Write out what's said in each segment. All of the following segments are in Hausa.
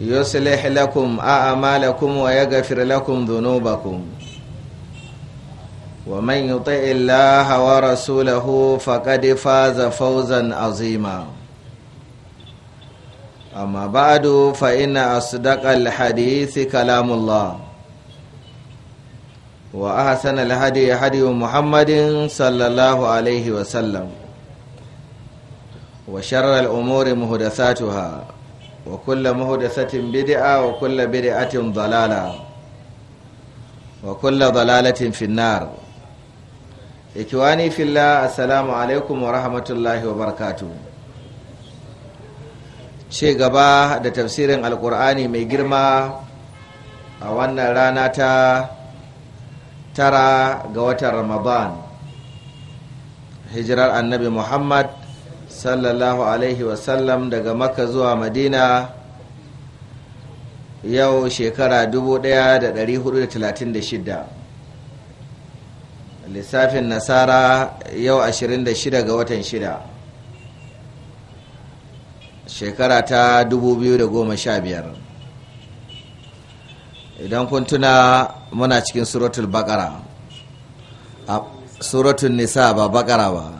yuslih lakum a'malakum wa yaghfir lakum dhunubakum wa man yuti' Allaha wa rasulahu faqad faza fawzan azima amma ba'adu fa inna asdaqal hadithi kalamullah wa ahsan al hadi hadi muhammadin sallallahu alayhi wa sallam wa sharra al umuri muhdathatuha wa kulla mahudasatin bid'a wa kulla bid'atin dalala wa kulla dalalatin finnar ekiwani filla 'asalamu alaikum wa rahmatullahi wa barakatuh ce gaba da tafsirin alkur'ani mai girma a wannan rana ta tara ga watan ramadan hijirar annabi muhammad sallallahu alaihi wasallam daga maka zuwa madina yau shekara 1436 lissafin nasara yau 26 ga watan 6 shekara ta 2015 idan kun tuna muna cikin suratul bakara suratul nisa ba bakara ba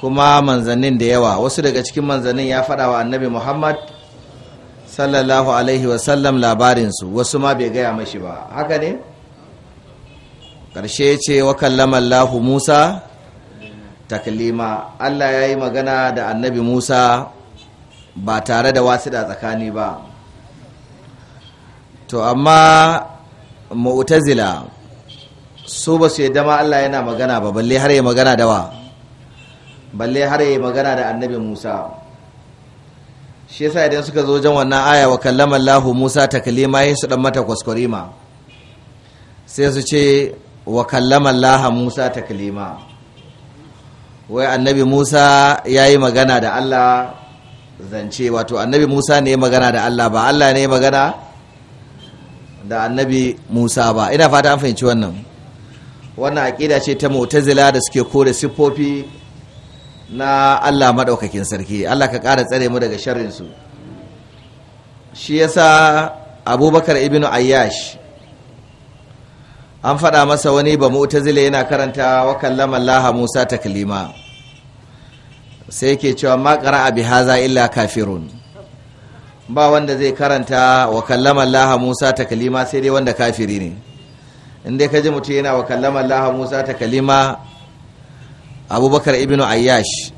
kuma manzannin da yawa wasu daga cikin manzannin ya faɗa wa annabi muhammad sallallahu alaihi wasallam labarinsu wasu ma bai gaya mashi ba haka ne ƙarshe ce wa kallama allahu musa taklima allah ya yi magana da annabi musa ba tare da wasu da tsakani ba to amma mu'tazila su ba su yadda ma allah yana magana ba balle har yi magana da wa balle har yi magana da annabi Musa shi yasa idan suka zo jan wannan aya wa kallama Allahu Musa Kalima sai su dan mata kwaskwarima sai su ce wa kallama Allah Musa Kalima. wai annabi Musa yayi magana da Allah zance wato annabi Musa ne magana da Allah ba Allah ne magana da annabi Musa ba ina fata an fahimci wannan wannan aƙida ce ta mu'tazila da suke kore siffofi na Allah maɗaukakin sarki Allah ka ƙara tsare mu daga sharrinsu shi yasa abubakar ibnu ayyash an faɗa masa wani ba mu'tazile yana karanta wa kallama Allah Musa Kalima. sai ke cewa makara qara'a haza illa kafirun ba wanda zai karanta wa kallama Allah Musa Kalima, sai dai wanda kafiri ne Inda ka ji mutum yana wa kallama Allah Musa Kalima. abubakar ibn ayyash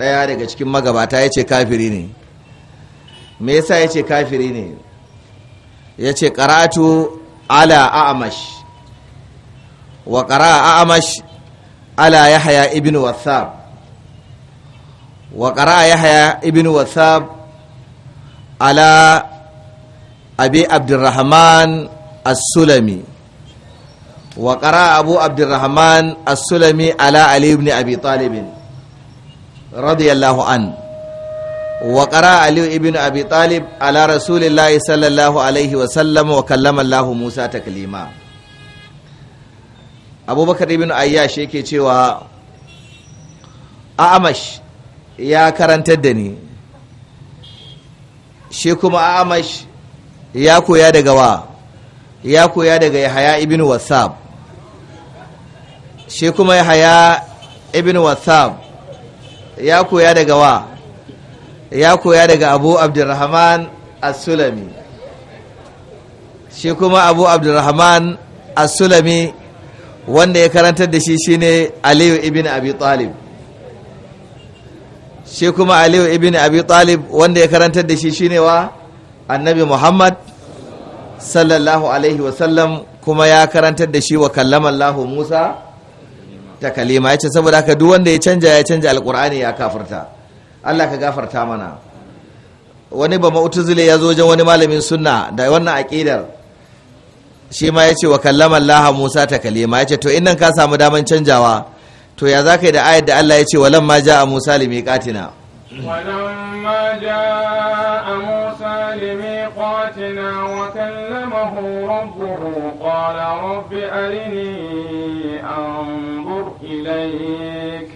ɗaya daga cikin magabata ya ce kafiri ne me yasa ya ce kafiri ne ya ce karatu ala a'amash wa ƙara a'amash ala yahya ibn wasab wa ƙara yahya ibn wasab ala abi abdurrahman as-sulami wa qara abu abdurrahman as ala ali ibn abi talib radiyallahu an wa qara ali ibn abi talib ala rasulillahi sallallahu alaihi wa sallam wa kallama Allahu musa ta kalima. abubakar ibn ayyash yake cewa a amash ya karantar da ni shi kuma a amash ya koya daga wa ya koya daga yahaya ibn wasab shi kuma yahaya ibn watham ya koya daga wa ya koya daga abu abdurrahman as-sulami shi kuma abu abdurrahman as-sulami wanda ya karantar da shi shine aliyu ibn abi talib shi kuma aliyu ibn abi talib wanda ya karantar da shi shine wa annabi muhammad sallallahu alaihi wasallam kuma ya karantar da shi wa kallaman lahu musa takalima yace saboda haka duk wanda ya canja ya canja alqur'ani ya kafirta Allah ka gafarta mana wani ba mu'tazile ya zo wajen wani malamin sunna da wannan aqidar shi ma yace wa kallama Allah Musa takalima yace to innan ka samu daman canjawa to ya zaka yi da ayar da Allah yace ma jaa Musa limiqatina ja'a Musa موسى لميقاتنا وكلمه ربه قال رب أرني أنظر إليك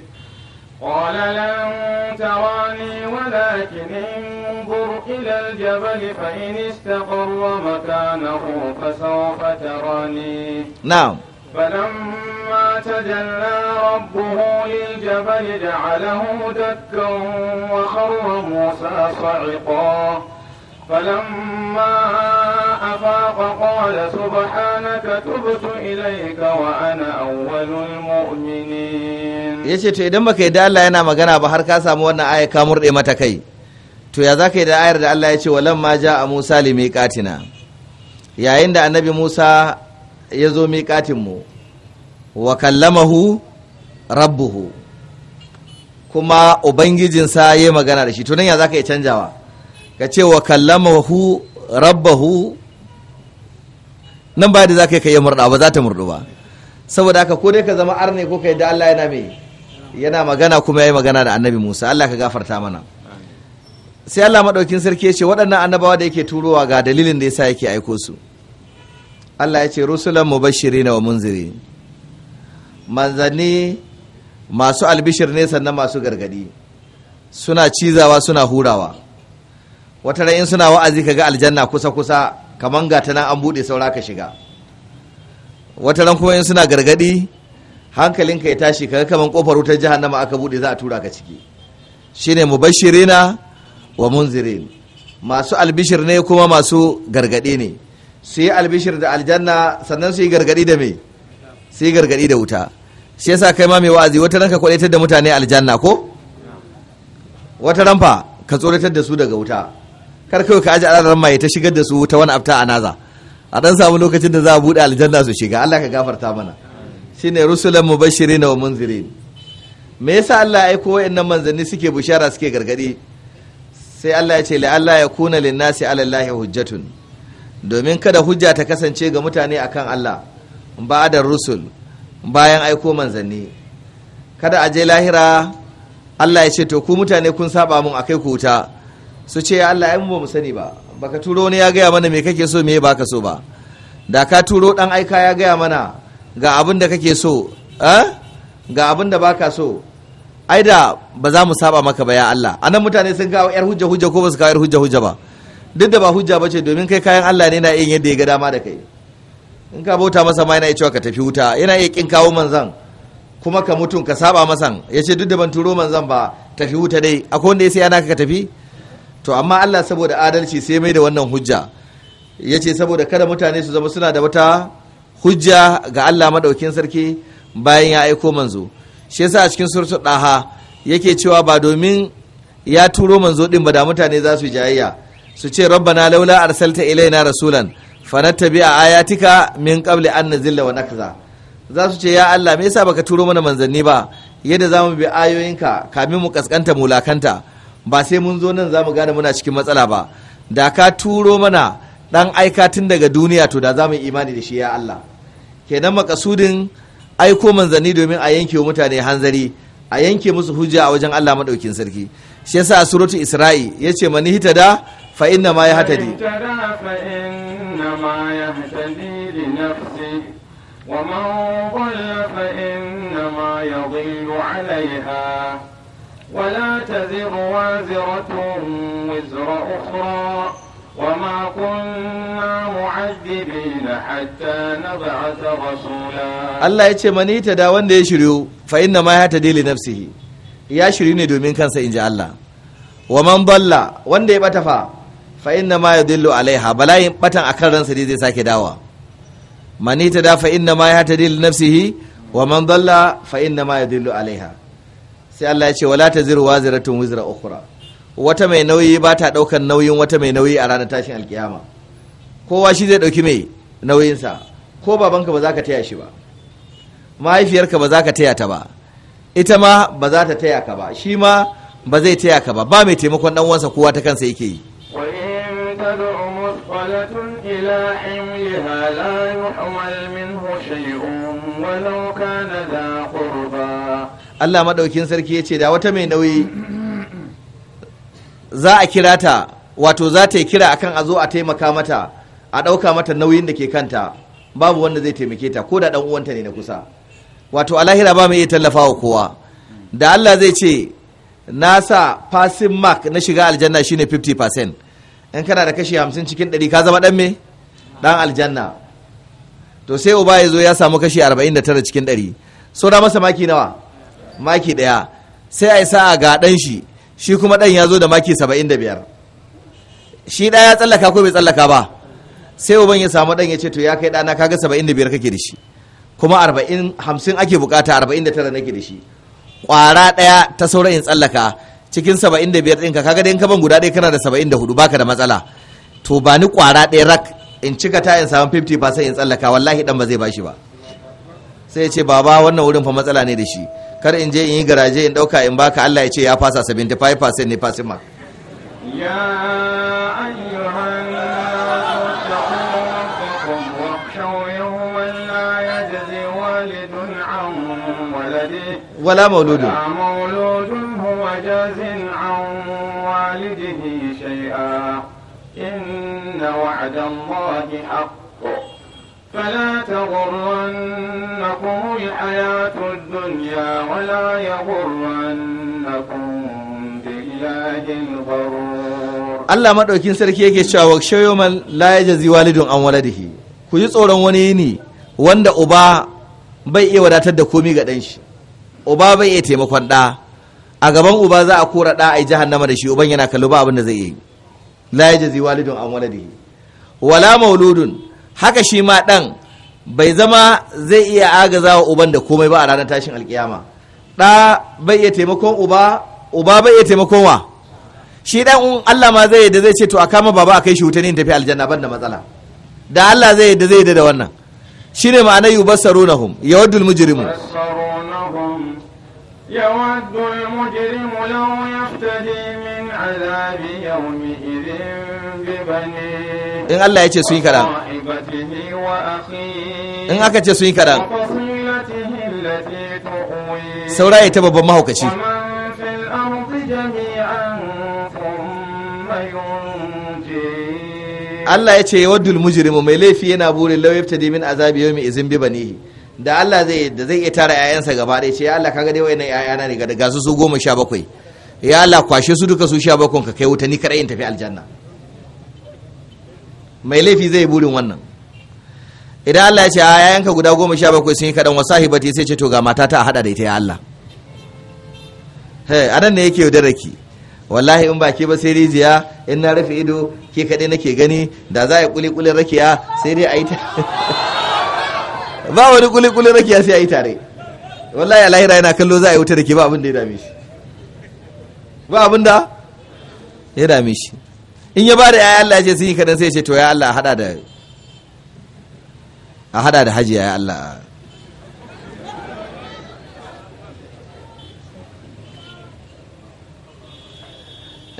قال لن تراني ولكن انظر إلى الجبل فإن استقر مكانه فسوف تراني نعم فلما تجلى ربه للجبل جعله دكا وخر موسى صعقا فلما أفاق قال سبحانك تبت إليك وأنا أول المؤمنين yace to idan baka da Allah yana magana ba har ka samu wannan aya murde mata kai to ya zaka yi da ayar da Allah ya ce walamma ja'a Musa limiqatina yayin da annabi Musa ya zo miƙatin mu wa kallamahu rabbuhu kuma ubangijinsa ya magana da shi to nan ya zaka yi canjawa ka ce wa kallamahu rabbahu nan ba da za ka yi ka murɗa ba za ta murɗu ba saboda haka ko dai ka zama arne ko ka yi da Allah yana mai yana magana kuma ya yi magana da annabi Musa Allah ka gafarta mana sai Allah maɗaukin sarki ya ce waɗannan annabawa da yake turowa ga dalilin da yasa yake aiko su Allah ya ce rusulan na wa munziri manzanni masu albishir ne sannan masu gargadi suna cizawa suna hurawa wata in suna wa'azi ka ga aljanna kusa-kusa kamar ga ta an buɗe saura ka shiga wata ran kuma in suna gargadi ka ya tashi kaga kamar kofar wutar jahannama aka bude za a tura ka ciki shine mubashirina wa munzirin masu albishir ne kuma masu gargadi ne su yi albishir da aljanna sannan su yi gargadi da me su yi gargadi da wuta shi yasa kai ma mai wa'azi wata ran ka kwadaitar da mutane aljanna ko wata ran fa ka tsoratar da su daga wuta kar kawai ka aji azarar mai ta shigar da su ta wani abta a naza a dan samu lokacin da za a bude aljanna su shiga Allah ka gafarta mana shine rusulan mubashirin wa munzirin me yasa Allah ya aiko wayannan manzanni suke bushara suke gargadi sai Allah ya ce la Allah ya kuna nasi ala Allah hujjatun domin kada hujja ta kasance ga mutane akan Allah ba da rusul bayan aiko manzanni kada a je lahira Allah ya ce to ku mutane kun saba mun akai ku wuta su ce ya Allah mu ba mu sani ba baka turo ne ya gaya mana me kake so me baka so ba da ka turo dan aika ya gaya mana ga abin da kake so eh? ga abin da baka so ai da ba za mu saba maka ba ya Allah anan mutane sun kawo yar hujja hujja ko ba su kawo yar hujja hujja ba duk da ba hujja ba ce domin kai kayan Allah ne na yin yadda ya ga dama da kai in ka bauta masa ma yana iya cewa ka tafi wuta yana iya kin kawo manzan kuma ka mutun ka saba masan ya ce duk da ban turo manzan ba tafi wuta dai akwai wanda ya sai ana ka tafi to amma Allah saboda adalci sai mai da wannan hujja ya ce saboda kada mutane su zama suna da wata hujja ga Allah maɗaukin sarki bayan ya aiko manzo shi yasa a cikin suratul ɗaha yake cewa ba domin ya turo manzo ɗin ba da mutane za su jayayya su ce rabbana laula arsalta ilaina rasulan fanattabi'a ayatika min qabli an nazilla wa nakza za su ce ya Allah me yasa baka turo mana manzanni ba yadda zamu bi ayoyinka kamin mu kaskanta mulakanta ba sai mun zo nan za mu gane muna cikin matsala ba da ka turo mana ɗan aika tun daga duniya to da za mu imani da shi ya Allah kenan makasudin aiko manzanni domin a yanke wa mutane hanzari a yanke musu hujja a wajen Allah maɗaukin sarki shi yasa a suratul isra'i yace man hitada fa inna ma yahtadi ومن ضل فإنما يضل عليها ولا تزر وازرة وزر أخرى وما كنا معذبين حتى نبعث رسولا الله يتي من يتدا wanda ya shiryu fa inna ma yahtadi li nafsihi ya shiryu ne domin kansa in ji Allah wa man dalla wanda ya bata fa fa inna ma dillu alaiha Balayin batan akan ransa dai zai sake dawa Mani man yatadafa inna ma ya yahtadi li nafsihi wa man dalla fa inna ma dillu alaiha sai Allah ya ce wala taziru waziratun wizra ukhra wata mai nauyi ba ta daukan nauyin wata mai nauyi a ranar tashin alkiyama kowa shi zai dauki mai nauyinsa ko babanka ba za ka taya shi ba mahaifiyarka ba za ka taya ta ba ita ma ba za ta taya ka ba shi ma ba zai taya ka ba ba mai taimakon dan uwansa kowa ta kansa yake yi Allah maɗaukin sarki ya ce da wata mai nauyi za a kira ta wato za ta yi kira akan a zo a taimaka mata a ɗauka mata nauyin da ke kanta babu wanda zai taimake ta ko da ɗan uwanta ne na kusa wato a lahira ba mai iya tallafa wa kowa da Allah zai ce na sa passing mark na shiga aljanna shine 50% in kana da kashi 50 cikin 100 ka zama dan me dan aljanna to sai uba ya zo ya samu kashi 49 cikin 100 so da masa maki nawa maki ɗaya sai a yi sa'a ga ɗan shi shi kuma ɗan ya zo da maki saba'in da biyar shi ɗaya ya tsallaka ko bai tsallaka ba sai uban ya samu ɗan ya ce to ya kai ɗana kaga saba'in da biyar kake da shi kuma arba'in hamsin ake bukata arba'in da tara nake da shi ƙwara ɗaya ta sauran in tsallaka cikin saba'in da biyar ɗinka kaga dai in ka ban guda ɗaya kana da saba'in da hudu baka da matsala to ba ni ƙwara ɗaya rak in cika ta in samu 50% in tsallaka wallahi ɗan ba zai bashi ba sai ya ce baba wannan wurin fa matsala ne da shi kar in je in yi garaje in dauka in baka Allah ya ce ya fasa 75% ne fasin mark ya ayyuhan ولا مولود مولود هو جاز عن والده شيئا إن وعد الله حق فلا تغرنكم الحياة الدنيا ولا يغرنكم بالله الغرور الله مدوكين سركي يكي cewa shayomal يوم لا يجزي والد waladihi ولده ji tsoron wani ne wanda uba bai iya wadatar da komi ga ɗanshi uba bai iya taimakon ɗa a gaban uba za a kora ɗa a yi jahannama da shi uban yana kallo ba abin da zai yi la yajzi walidun an waladihi wala mauludun haka shi ma ɗan bai zama zai iya agaza wa uban da komai ba a ranar tashin alkiyama ɗa bai iya taimakon uba uba bai iya taimakon wa shi ɗan Allah ma zai yadda zai ce to a kama baba a kai shi wuta ne tafi aljanna ban da matsala da Allah zai yadda zai yadda da wannan Shi ne ma'ana yubassarunahum yawaddul mujrimu يود المجرم لو azabi من عذاب in Allah ya ce sun yi kaɗan in aka ce sun yi kaɗan saura ya ta babban mahaukaci Allah ya ce ya waddul mujirimu mai laifi yana burin lauyafta dimin azabi yau mai izin bi ne da Allah zai da zai iya tara 'ya'yansa gaba ɗaya ce ya Allah kaga dai wayannan 'ya'yana ne ga su su goma sha bakwai ya Allah kwashe su duka su sha bakwai ka kai wuta ni kaɗai in tafi aljanna mai laifi zai burin wannan idan Allah ya ce a yayanka guda goma sha bakwai sun yi kaɗan wasu sahibati sai ce to ga matata a haɗa da ita ya Allah a nan ne yake yaudarar ki wallahi in ba ke ba sai rijiya in na rufe ido ke kaɗai nake gani da za a yi kulikulin rakiya sai dai a yi ba wani kulikulin rakiya sai a yi tare wallahi alahira yana kallo za a yi wuta da ke ba abin da ya dame shi ba abin da ya dame shi in ya bada yaya Allah ce sun yi kadan sai ce to ya Allah a hada da a hada da haji ya Allah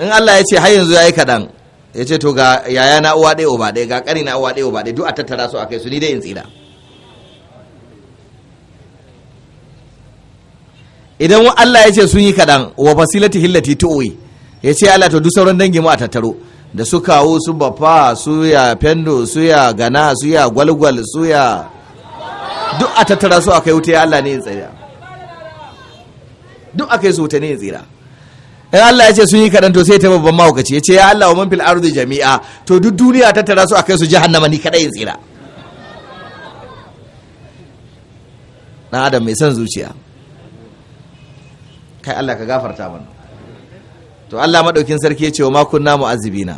in Allah ya ce har yanzu ya yi kaɗan ya ce to ga yaya na uwa ɗaya uba ɗaya ga ƙari na uwa ɗaya uba ɗaya duk a tattara su a kai su ni dai in tsira idan Allah ya ce sun yi kaɗan wa fasilati hillati tuwi ya ce Allah to duk sauran dangi mu a tattaro da su kawo su bafa su ya fendo su ya gana su ya gwalgwal su ya duk a tattara su yi wuta ya Allah ne ya tsira duk yi su wuta ne tsira in Allah ya ce sun yi kaɗan to sai ta babban mahaukaci ya ce ya Allah wa man fil ardi jami'a to duk duniya tattara su aka yi su jahannama ni kaɗai ya tsira Na adam mai son zuciya kai Allah ka gafarta mana to Allah madaukin sarki ya ce wa ma kunna mu'azzibina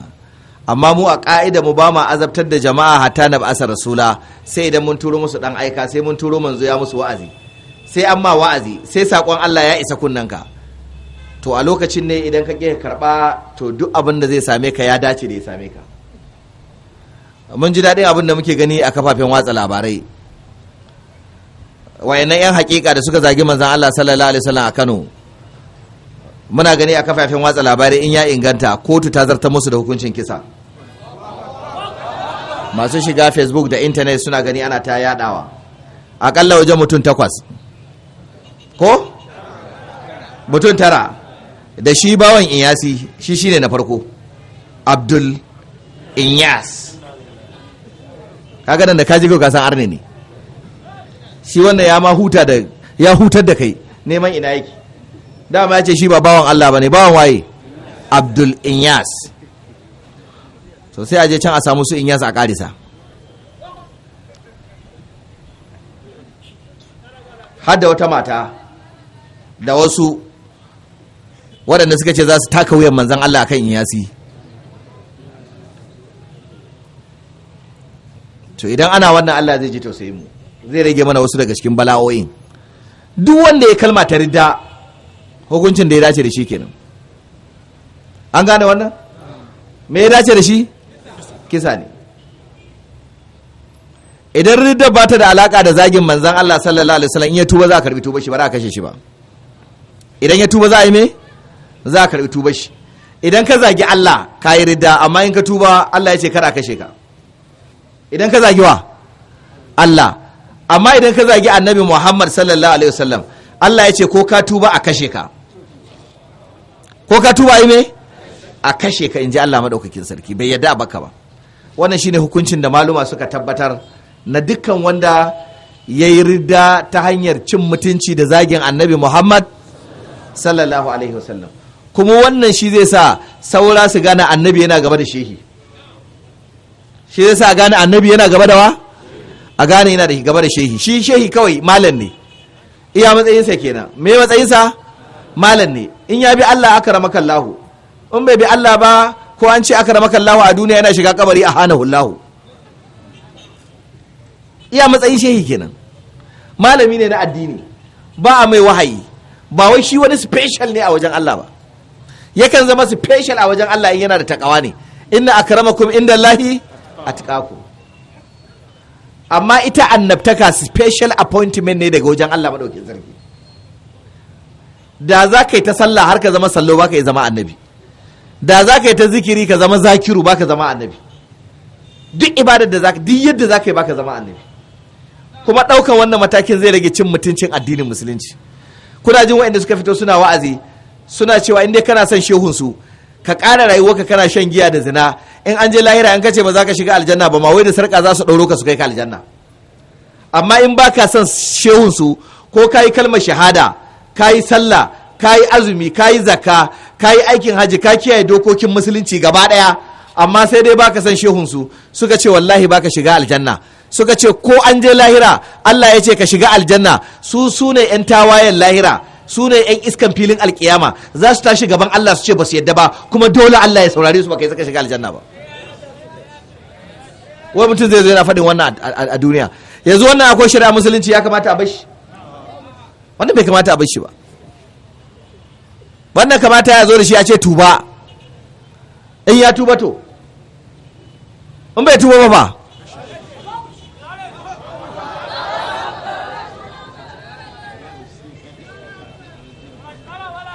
amma mu a ka'ida mu ba ma azabtar da jama'a hatta na ba'asa rasula sai idan mun turo musu dan aika sai mun turo manzo ya musu wa'azi sai amma wa'azi sai sakon Allah ya isa ka, to a lokacin ne idan ka ke karba to duk abin da zai same ka ya dace da ya same ka mun ji daɗin abin da muke gani a kafafen watsa labarai wayannan 'yan hakika da suka zagi manzan Allah sallallahu alaihi wasallam a Kano muna gani a kafafen watsa labarai in ya inganta kotu ta zarta musu da hukuncin kisa masu shiga facebook da intanet suna gani ana ta yadawa akalla wajen mutum takwas ko mutum tara da shi bawan inyasi shi shine na farko abdul inyas kaga nan da kaji ko kasan arne ne shi wanda ya ma huta da ya hutar da kai neman ina yake dama ya ce shi ba bawan Allah ba ne bawan waye abdul inyas so sai a je can a samu su inyas a karisa hadda wata mata da wasu waɗanda suka ce za su taka wuyan manzan Allah kan inyasi to idan ana wannan Allah zai ji tausayin mu zai rage mana wasu daga cikin bala'o'in duk wanda ya kalma ta ridda hukuncin da ya dace da shi kenan an gane wannan me ya dace da shi kisa ne idan riddar ba ta da alaka da zagin manzan Allah sallallahu alaihi wasallam in ya tuba za a karbi tuba shi ba za a kashe shi ba idan ya tuba za a yi me za a karbi tuba shi idan ka zagi Allah ka yi ridda amma in ka tuba Allah ya ce kar a kashe ka idan ka zagi wa Allah amma idan ka zagi annabi Muhammad sallallahu alaihi wasallam Allah ya ce ko ka tuba a kashe ka ko ka tuba yi me a kashe ka in ji Allah maɗaukakin sarki bai yadda a baka ba wannan shine hukuncin da maluma suka tabbatar na dukkan wanda ya yi ridda ta hanyar cin mutunci da zagin annabi Muhammad sallallahu alaihi wasallam kuma wannan shi zai sa saura su gane annabi yana gaba da shehi shi zai sa gane annabi yana gaba da wa a gane yana da gaba da shehi shi shehi kawai malam ne iya matsayinsa kenan me matsayinsa malam ne in ya bi Allah aka ramaka in bai bi Allah ba ko an ce aka ramaka a duniya yana shiga kabari a hana hullahu iya matsayin shehi kenan malami ne na addini ba a mai wahayi ba wai shi wani special ne a wajen Allah ba yakan zama special a wajen Allah in yana da takawa ne inna akramakum inda Allahi atqakum amma ita annabtaka special appointment ne daga wajen Allah maɗaukin sarki da za ka yi ta sallah har ka zama sallo ba ka yi zama annabi da za ka yi ta zikiri ka zama zakiru ba ka zama annabi duk ibadar da za ka duk yadda za ka yi ba ka zama annabi kuma ɗaukan wannan matakin zai rage cin mutuncin addinin musulunci kuna jin waɗanda suka fito suna wa'azi suna cewa inda kana son shehunsu ka ƙara rayuwarka kana shan giya da zina in an je lahira an kace ba za ka shiga aljanna ba ma wai da sarƙa za su ɗauro ka su kai ka aljanna amma in ba ka son shehun su ko ka yi kalmar shahada ka yi sallah ka yi azumi ka yi zakka ka yi aikin hajji ka kiyaye dokokin musulunci gaba ɗaya amma sai dai baka san shehun su suka ce wallahi ba ka shiga aljanna suka ce ko an je lahira Allah ya ce ka shiga aljanna su su ne 'yan tawayen lahira su ne yan iskan filin alkiyama za su tashi gaban Allah su ce ba su yadda ba kuma dole Allah ya saurare su ba kai suka shiga aljanna ba wai mutum zai zo yana faɗin wannan a duniya yanzu wannan akwai shari'a musulunci ya kamata a bashi wannan bai kamata a bashi ba wannan kamata ya zo da shi ya ce tuba in ya tuba to in bai tuba ba ba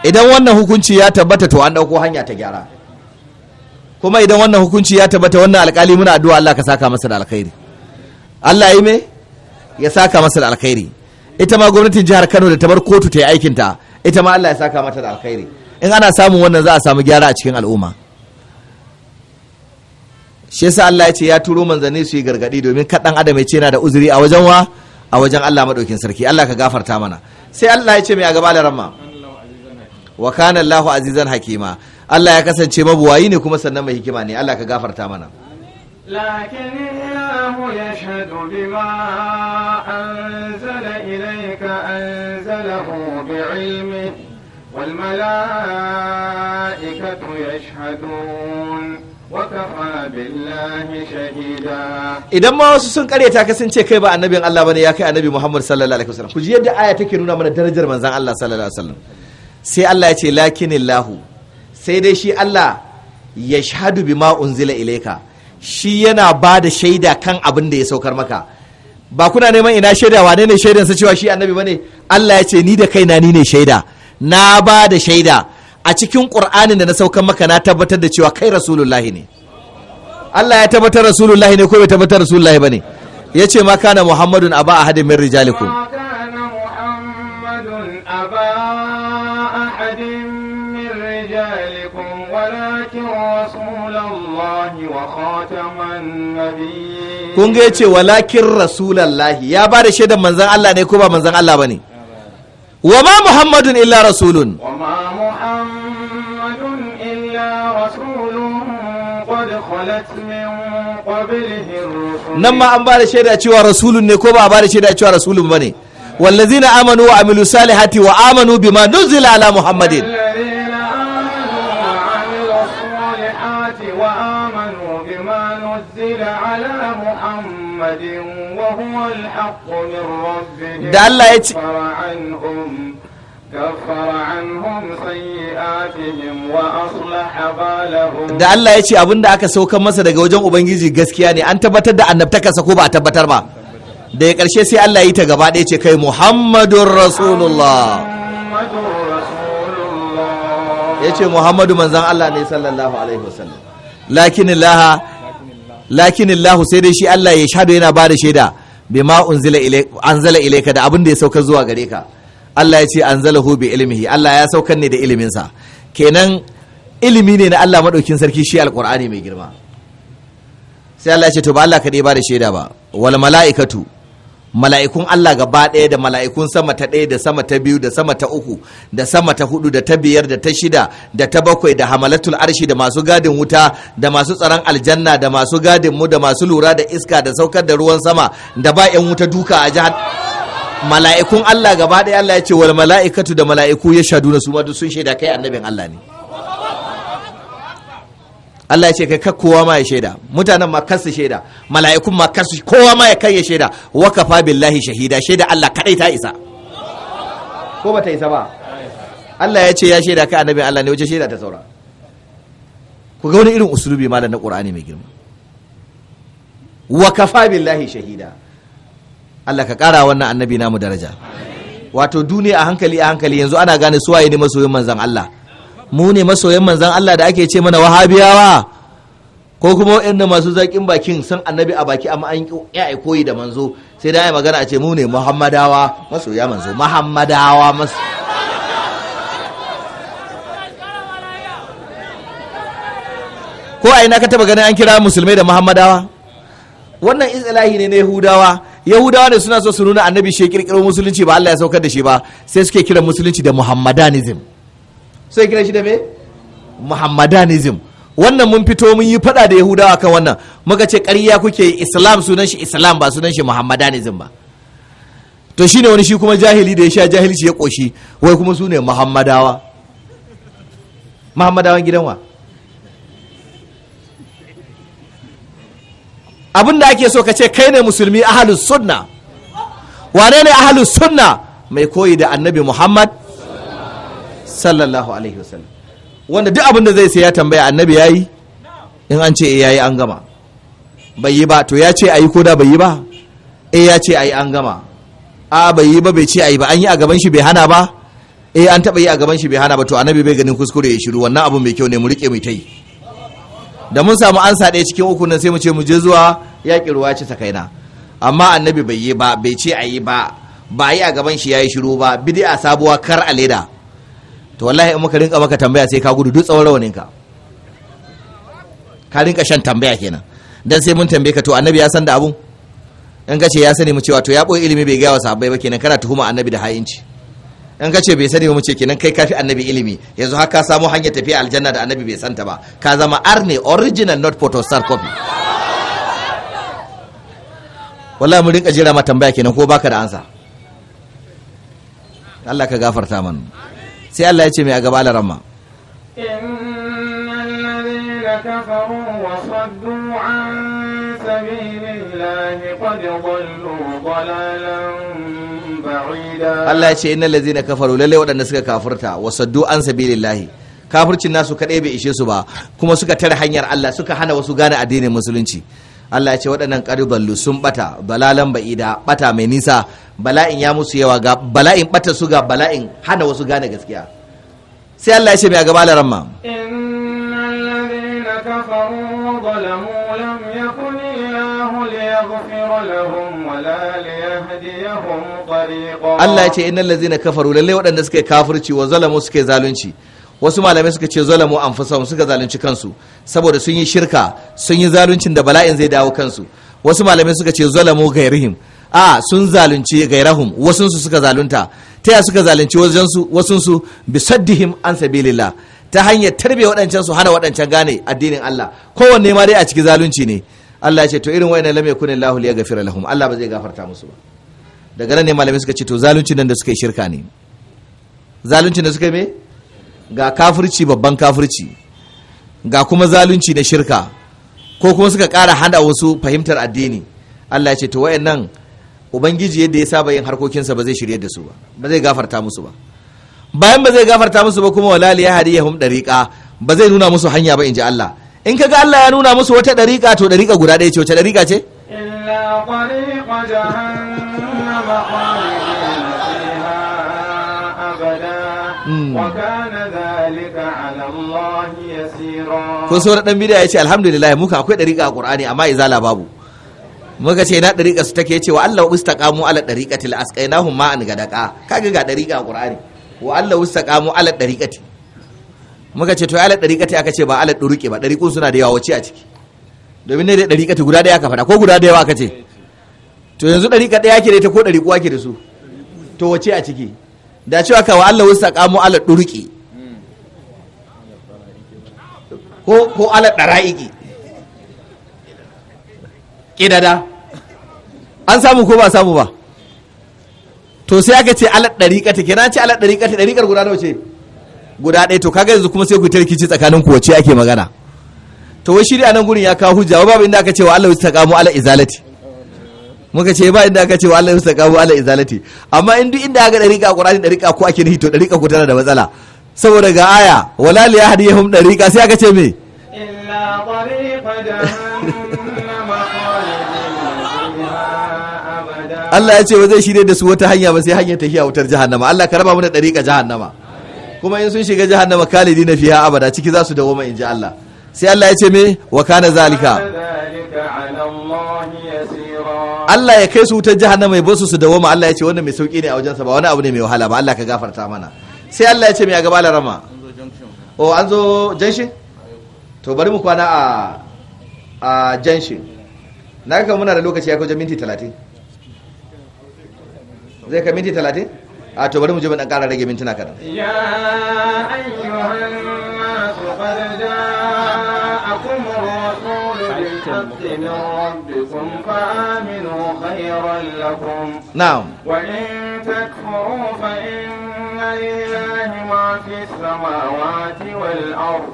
idan wannan hukunci ya tabbata to an ɗauko hanya ta gyara kuma idan wannan hukunci ya tabbata wannan alkali muna addu'a Allah ka saka masa da alkhairi Allah yi me ya saka masa da alkhairi ita ma gwamnatin jihar Kano da ta bar kotu ta yi aikin ta ita ma Allah ya saka mata da alkhairi in ana samun wannan za a samu gyara a cikin al'umma shi yasa Allah ya ce ya turo manzanni su yi gargadi domin kaɗan adam ya ce yana da uzuri a wajen wa a wajen Allah madaukin sarki Allah ka gafarta mana sai Allah ya ce mai a gaba da ramma wa kana Allahu azizan hakima Allah ya kasance mabuwayi ne kuma sannan mai hikima ne Allah ka gafarta mana idan ma wasu sun karyata ka sun ce kai ba annabin Allah ba ne, ya kai annabi Muhammad sallallahu alaihi wasallam ku ji yadda aya take nuna mana darajar manzon Allah sallallahu alaihi wasallam sai Allah ya ce lakinillahu sai dai shi Allah ya shahadu bima unzila ilaika shi yana ba da shaida kan abin da ya saukar maka ba kuna neman ina shaida wane ne shaidan sa cewa shi annabi bane Allah ya ce ni da kaina ni ne shaida na ba da shaida a cikin qur'anin da na saukar maka na tabbatar da cewa kai rasulullahi ne Allah ya tabbatar rasulullahi ne ko bai tabbatar rasulullahi bane yace ma kana muhammadun aba ahadin min rijalikum kun ga yace walakin rasulullahi ya ba da shaidan manzon Allah ne ko ba manzon Allah bane wa ma muhammadun illa rasulun wa ma muhammadun illa rasulun qad khalat min qablihi ar-rusul nan ma an ba da shaida cewa rasulun ne ko ba ba da shaida cewa rasulun bane wallazina amanu wa amilu salihati wa amanu bima nuzila ala muhammadin السيئات da Allah ya ce abin da aka sauka masa daga wajen Ubangiji gaskiya ne an tabbatar da annabtakarsa ko ba a tabbatar ba da ya ƙarshe sai Allah ya yi ta gaba ce kai Muhammadun Rasulullah ya ce muhammadu manzan Allah ne sallallahu alaihi wasallam lakin Allah lakin Allah sai dai shi Allah ya shaɗo yana ba da shaida an unzila anzala ilayka da abin da ya sauka zuwa gare ka Allah ya ce anzalahu bi ilmihi Allah ya saukar ne da ilimin sa kenan ilimi ne na Allah madaukin sarki shi alqur'ani mai girma sai Allah ya ce to ba Allah kadai ba da shaida ba wal mala'ikatu mala'ikun Allah gaba ɗaya da mala'ikun sama ta ɗaya da sama ta biyu da sama ta uku da sama ta hudu da ta biyar da ta shida da ta bakwai da hamalatul arshi da masu gadin wuta da masu tsaron aljanna da masu gadin mu da masu lura da iska da saukar da ruwan sama da ba 'yan wuta duka a jihar mala'ikun Allah gaba ɗaya Allah ya ce wal mala'ikatu da mala'iku ya shaduna su ma duk sun shaida kai annabin Allah ne Allah ya ce kai kowa ma ya shaida mutanen ma kansu su shaida mala'ikun ma kansu kowa ma ya kai ya shaida wa kafa billahi shahida shaida Allah kadai ta isa ko bata isa ba Allah ya ce ya shaida kai annabi Allah ne wace shaida ta saura ku ga wani irin usulubi malam na Qur'ani mai girma wa kafa billahi shahida Allah ka kara wannan annabi namu daraja wato duniya a hankali a hankali yanzu ana gane suwaye ne masoyin manzon Allah mu ne masoyan manzan Allah da ake ce mana wahabiyawa ko kuma waɗanda masu zaƙin bakin san annabi a baki amma an ya koyi da manzo sai da ya magana a ce mu ne muhammadawa masoya manzo muhammadawa maso ko a ina ka taba ganin an kira musulmai da muhammadawa wannan istilahi ne na yahudawa yahudawa ne suna so su nuna annabi shi kirkiro musulunci ba Allah ya saukar da shi ba sai suke kiran musulunci da muhammadanism sai kira shi da me muhammadanism wannan mun fito mun yi fada da yahudawa kan wannan muka ce ƙarya kuke islam sunan shi islam ba sunan shi muhammadanism ba to shine wani shi kuma jahili da ya sha jahilci ya ƙoshi wai kuma su ne muhammadawa muhammadawan gidan wa abin da ake so ka ce kai ne musulmi ahalus sunna wane ne ahalus sunna mai koyi da annabi muhammad sallallahu alaihi wasallam wanda duk abin da zai sai ya tambaya annabi yayi in an ce eh yayi an gama bai yi ba to ya ce ayi ko da bai yi ba eh ya ce ayi an gama a bai yi ba bai ce ayi ba an yi a gaban shi bai hana ba eh an taba yi a gaban shi bai hana ba to annabi bai ganin kuskure ya shiru wannan abu mai kyau ne mu rike mu ta yi da mun samu ansa ɗaya cikin uku nan sai mu ce mu je zuwa yaƙi ruwa ci ta kaina amma annabi bai yi ba bai ce ayi ba ba yi a gaban shi ya yi shiru ba bid'a sabuwa kar a leda to wallahi in muka rinka maka tambaya sai ka gudu duk tsawon rawanin ka ka rinka shan tambaya kenan dan sai mun tambaye ka to annabi ya san da abun in ka ce ya sani mu cewa to ya boye ilimi bai gaya wa sahabbai ba kenan kana tuhuma annabi da ha'inci in ka ce bai sani mu ce kenan kai kafi annabi ilimi yanzu har ka samu hanyar tafiya aljanna da annabi bai santa ba ka zama arne original not star copy wallahi mu rinka jira ma tambaya kenan ko baka da ansa Allah ka gafarta mana sai Allah ya ce mai a gaba da كفروا Allah ya ce inna lazi na kafaru lalle waɗanda suka kafurta, wasaddu an sabilillahi kafurcin nasu kaɗai bai ishe su ba kuma suka tare hanyar Allah suka hana wasu gane addinin musulunci Allah ya ce waɗannan ƙariballu sun bata balalan ba'ida ɓata mai nisa bala'in ya musu yawa ga bala'in ɓata su ga bala'in hana wasu gane gaskiya sai Allah ya ce mai a gaba laran Allah ya ce innal lazina kafaru lalle waɗanda suke kafirci wa zalamu suke zalunci wasu malamai suka ce zalamu anfusahum suka zalunci kansu saboda sun yi shirka sun yi zaluncin da bala'in zai dawo kansu wasu malamai suka ce zalamu gairihim a sun zalunci gairahum wasunsu suka zalunta ta ya suka zalunci wasunsu bisaddihim an sabilillah ta hanyar tarbe waɗancan su hana waɗancan gane addinin Allah kowanne ma dai a ciki zalunci ne Allah ya ce to irin wayannan lam yakun Allah li yaghfira lahum Allah ba zai gafarta musu ba daga nan ne malamai suka ce to zalunci nan da suka yi shirka ne zalunci da suka yi me ga kafirci babban kafirci ga kuma zalunci na shirka ko kuma suka ƙara hada wasu fahimtar addini Allah ya ce to wayannan ubangiji yadda ya saba yin harkokinsa ba zai shirye da su ba ba zai gafarta musu ba bayan ba zai gafarta musu ba kuma walali ya hum dariqa ba zai nuna musu hanya ba inji Allah in kaga Allah ya nuna musu wata dariqa to dariqa guda ɗaya ce wata dariqa ce illa qariqa jahannama khalidina fiha abada hmm. wa kun ɗan dan ya ce alhamdulillah muka akwai ɗariƙa a Qur'ani amma izala babu muka ce na dariƙa su take yace wa Allah ustaqamu ala dariqatil asqainahum ma'an gadaka kaga ga dariƙa a Qur'ani wa Allah ustaqamu ala dariqati muka ce to ala dariqati aka ce ba ala duruke ba dariqun suna da yawa wace a ciki domin ne da dariqati guda daya aka faɗa ko guda daya aka ce to yanzu ɗariƙa ɗaya ke da ita ko ɗariƙuwa ake da su to wace a ciki da cewa ka wa Allah wasu ala ɗurƙi ko ala ɗara dara'iki ƙidada an samu ko ba samu ba to sai aka ce ala dariƙata na ce ala dariƙata Ɗariƙar guda nawa ce guda ɗaya to kaga yanzu kuma sai ku ta rikici tsakanin ku wacce ake magana to wai shirya nan gurin ya kawo hujja babu inda aka ce wa Allah istaqamu ala izalati muka ce ba inda aka ce wa Allah istaqamu ala izalati amma in duk inda aka dariƙa Qur'ani dariƙa ko ake nihi to dariƙa ku tana da matsala saboda ga aya wala li yahdihum dariqa sai aka ce me illa tariqa Allah ya ce ba zai shirye da su wata hanya ba sai hanyar tafiya wutar jahannama Allah ka raba mu da dariqa jahannama kuma in sun shiga jahannama kalidina fiha abada ciki za su ma in ji Allah sai Allah ya ce me wa kana zalika Allah ya kai su wutar jahannama ya bar su su ma. Allah ya ce wannan mai sauki ne a wajensa ba wani abu ne mai wahala ba Allah ka gafarta mana sai Allah ya ce mai a gaba larama o an zo janshin to bari mu kwana a a janshin na ga muna da lokaci ya kawo minti talatin zai ka minti talatin a to bari mu ji dan kara rage mintuna kadan ya na'am wa in kuro fa'in لله ما في السماوات والأرض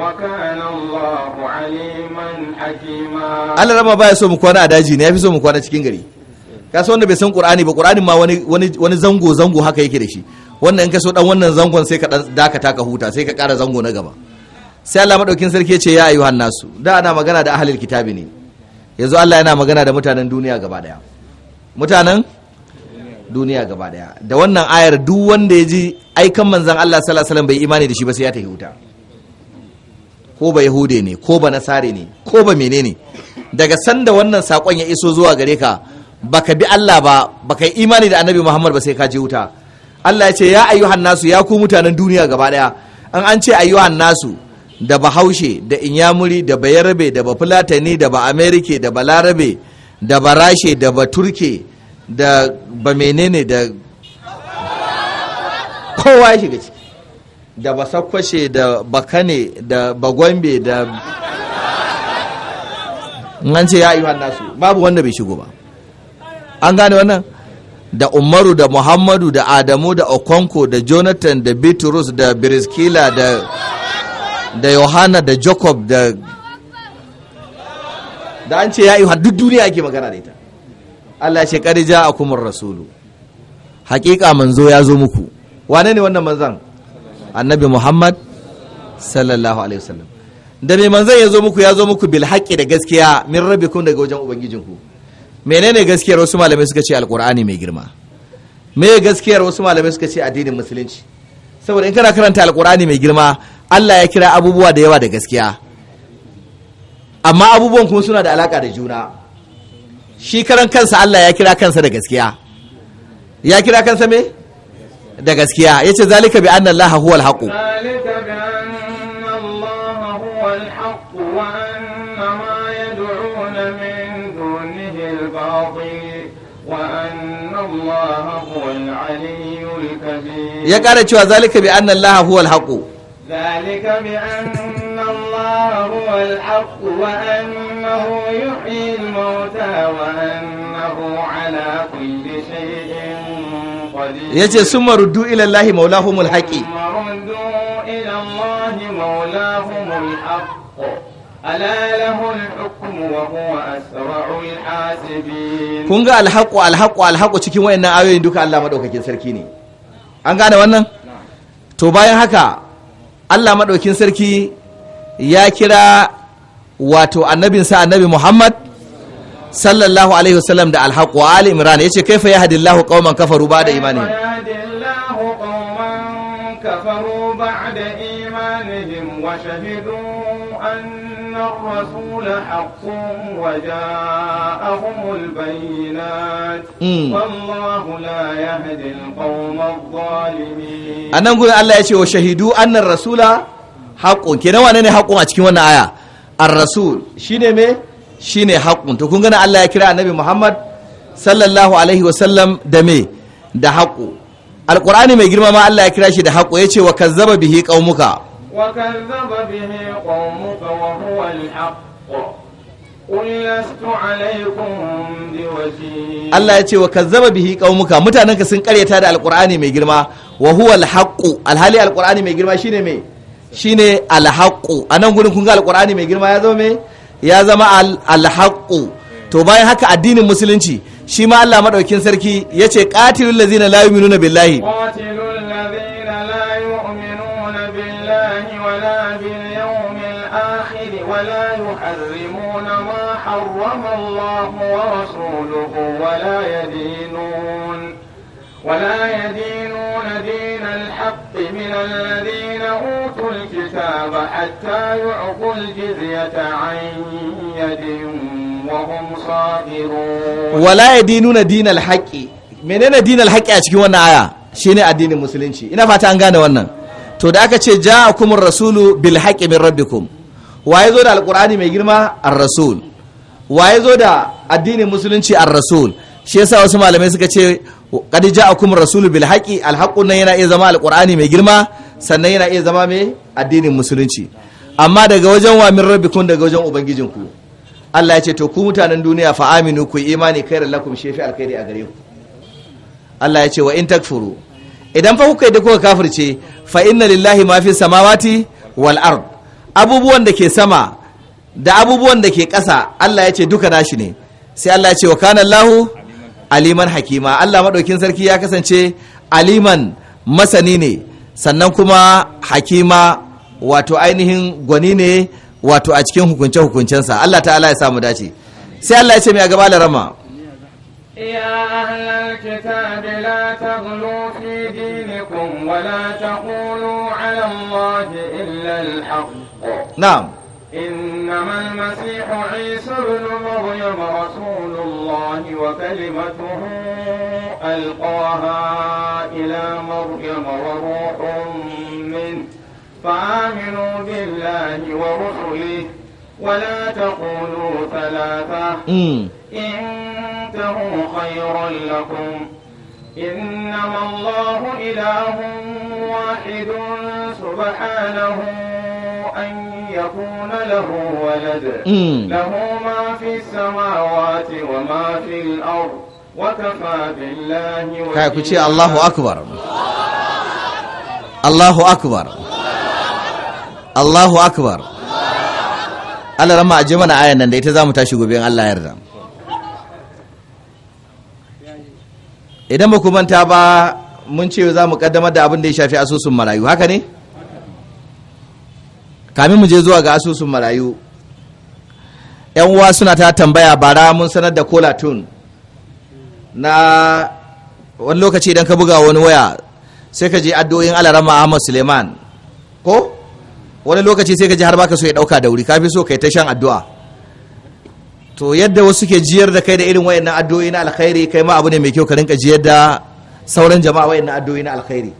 وكان الله عليما حكيما الله رما باي مكوانا so mu kwana cikin gari ka san wanda bai san Qur'ani ba kurani ma wani zango zango haka yake da shi wannan in ka so dan wannan zangon sai ka dan dakata ka huta sai ka kara zango na gaba sai Allah madaukin sarki ce ya ayyuhan nasu da ana magana da ahlul kitabi ne yanzu Allah yana magana da mutanen duniya gaba daya mutanen duniya gaba daya da wannan ayar duk wanda ya ji aikan manzan Allah sallallahu alaihi wasallam bai imani da shi ba sai ya tafi wuta ko ba yahude ne ko ba nasare ne ko ba menene daga sanda wannan sakon ya iso zuwa gare ka baka bi Allah ba baka yi imani da annabi Muhammad ba sai ka je wuta Allah ya ce ya ayyuhan nasu ya ku mutanen duniya gaba daya an an ce ayyuhan nasu da bahaushe da inyamuri da Bayarbe, da bafulatani da ba amerike da balarabe da barashe da baturke da ba menene da kowa ya shiga ciki da ba sakwashe da bakane da bagwambe da an ce ya yi nasu babu wanda bai shigo ba an gane wannan da umaru da muhammadu da adamu da okonko da jonathan da bitrus da briskila da da yohana da jacob da da an ce ya yi duk duniya ake magana da ita Allah ce kadi kuma rasulu Hakika manzo ya zo muku wane ne wannan manzan annabi Muhammad sallallahu alaihi wasallam da mai manzan ya zo muku ya zo muku bil haƙƙi da gaskiya min kun daga wajen ubangijinku menene gaskiyar wasu malamai suka ce alkur'ani mai girma me gaskiyar wasu malamai suka ce addinin musulunci saboda in kana karanta alkur'ani mai girma Allah ya kira abubuwa da yawa da gaskiya amma abubuwan kuma suna da alaka da juna shi karan kansa Allah ya kira kansa da gaskiya ya kira kansa me da gaskiya yace zalika bi anna Allah huwa al-haq zalika bi anna Allah huwa al-haq wa anna ma yad'una min dunihi al-batil wa anna Allah huwa al-aliyyu kabir ya kara cewa zalika bi anna Allah huwa al-haq zalika bi anna الله هو الحق وأنه يحيي الموتى وأنه على كل شيء قدير يجي ثم ردوا إلى الله مولاهم الحقي Kun ga alhaƙo alhaƙo alhaƙo cikin wayan nan ayoyin duka Allah maɗaukakin sarki ne, an gane wannan? To bayan haka Allah maɗaukin sarki ya kira wato annabinsa annabi muhammad sallallahu alaihi wasallam da alhaq wa ali imran yace kaifa yahdillahu qauman kafaru ba'da imanihim كفروا بعد إيمانهم وشهدوا أن الرسول حق وجاءهم البينات والله لا يهدي القوم الظالمين haƙƙun nan wane ne haƙƙun a cikin wannan aya ar-rasul shine me shine haƙƙun to kun gana Allah ya kira annabi Muhammad sallallahu alaihi wa sallam da me da haƙƙu alƙur'ani mai girma ma Allah ya kira shi da haƙƙu ce wa kazzaba bihi qaumuka wa kazzaba bihi qaumuka wa Allah ya ce wa kazzaba bihi ƙaumuka mutanenka sun karyata da alƙur'ani mai girma wa huwa al alhali alƙur'ani mai girma shine mai shine alhaqqu anan gurin kun ga alqur'ani mai girma ya zama me ya zama alhaqqu to bayan haka addinin musulunci shi ma Allah madaukin sarki yace qatilul ladzina la yu'minuna billahi la wala الحق من الذين أوتوا الكتاب حتى يعطوا الجزية عن يد وهم صاغرون ولا يدينون دين الحق a cikin wannan aya shine addinin musulunci ina fata an gane wannan to da aka ce ja ja'akumur rasulu bil haqqi min rabbikum waye zo da alƙur'ani mai girma ar-rasul waye zo da addinin musulunci ar-rasul shi yasa wasu malamai suka ce ja akum rasul bil haqi al haqu nan yana iya zama alqur'ani mai girma sannan yana iya zama mai addinin musulunci amma daga wajen wa min rabbikum daga wajen ubangijinku Allah ya ce to ku mutanen duniya fa aminu ku imani kai lakum shefi alkhairi a gare ku Allah ya ce wa in takfuru idan fa kuka yi da kuka kafirce fa inna lillahi ma fi samawati wal ard abubuwan da ke sama da abubuwan da ke ƙasa Allah ya ce duka nashi ne sai Allah ya ce wa kana Allahu aliman hakima Allah maɗaukin sarki ya kasance aliman masani ne sannan kuma hakima wato ainihin gwani ne wato a cikin hukunce hukuncensa Allah ta'ala ya samu dace sai Allah ya ce mai a gaba larama يا إنما المسيح عيسى بن مريم رسول الله وكلمته ألقاها إلى مريم وروح منه فآمنوا بالله ورسله ولا تقولوا ثلاثة انتهوا خيرا لكم إنما الله إله واحد سبحانه أن يكون له ولد له ما في السماوات وما في الأرض وكفى بالله وكيلا الله أكبر الله أكبر الله أكبر Allah rama a je ayan nan da ita za mu tashi gobe in Allah yarda. Idan ba ku manta ba mun ce za mu kaddamar da abin da ya shafi asusun marayu haka ne? kamin mu je zuwa ga asusun marayu yan uwa suna ta tambaya bara mun sanar da tun. na wani lokaci idan ka buga wani waya sai ka je addu'o'in alarama ahmad suleiman ko wani lokaci sai ka ji har baka so ya dauka da wuri kafi so kai ta shan addu'a to yadda wasu ke jiyar da kai da irin wayannan addu'o'i na alkhairi kai ma abu ne mai kyau ka rinka jiyar da sauran jama'a wayannan addu'o'i na alkhairi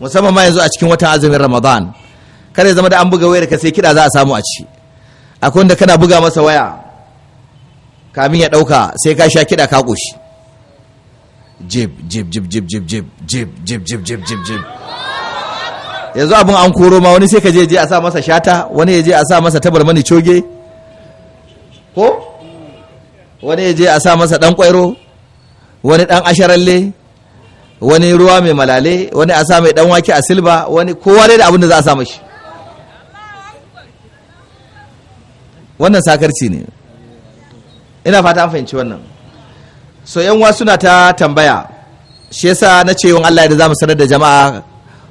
musamman ma yanzu a cikin watan azumin ramadan kada ya zama da an buga wayar ka sai kiɗa za a samu a ciki akwai wanda kana buga masa waya kamin ya ɗauka sai ka sha kiɗa ka koshi jib jib jib jib jib jib jib jib jib jib jib jib yanzu abin an koro ma wani sai ka je je a sa masa shata wani ya je a sa masa tabar mani coge ko wani ya je a sa masa dan kwairo wani ɗan asharalle wani ruwa mai malale wani a sa mai dan wake a silba wani kowa dai da abin da za a sa mashi wannan sakarci ne ina fata fahimci wannan so yan suna ta tambaya shi yasa na ce yawan Allah da mu sanar da jama'a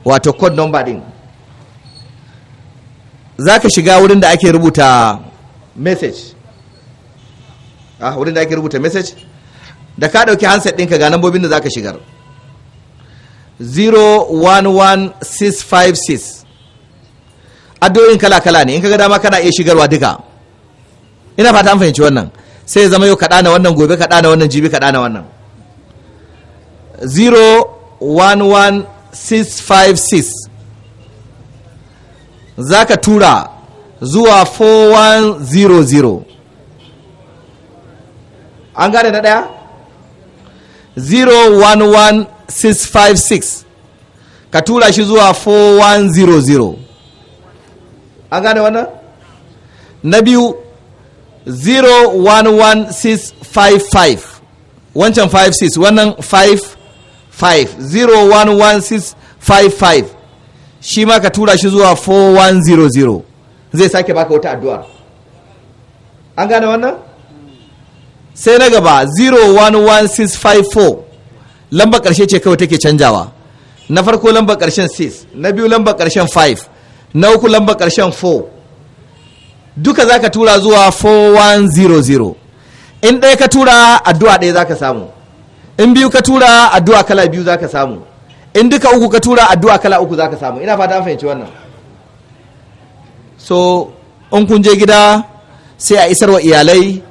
wato code number din zaka shiga wurin da ake rubuta message ah wurin da ake rubuta message da ka dauki handset ɗinka ga lambobin da za ka shigar 011656 addu'o'in kala-kala ne in kaga dama kana iya shigarwa duka ina fata an fahimci wannan sai zama yau kaɗa na wannan gobe kaɗa na wannan jibi kaɗa na wannan 011656 za ka tura zuwa 4100 an gane na ɗaya 011656 ka tura shi zuwa 4100 an gane wannan na biyu 011655 wancan 56 wannan 55 011655 shi ma ka tura shi zuwa 4100 zai sake baka wata addu'a an gane wannan sai na gaba 011654 lambar ƙarshe ce kawai take canjawa na farko lambar ƙarshen 6 na biyu lambar ƙarshen 5 na uku lambar ƙarshen 4 duka za ka tura zuwa 4100 in ɗaya ka tura addu'a ɗaya za ka samu in biyu ka tura addu'a kala biyu za ka samu in duka uku ka tura addu'a kala uku za ka samu ina fata an fahimci wannan so in kun je gida sai a isar wa iyalai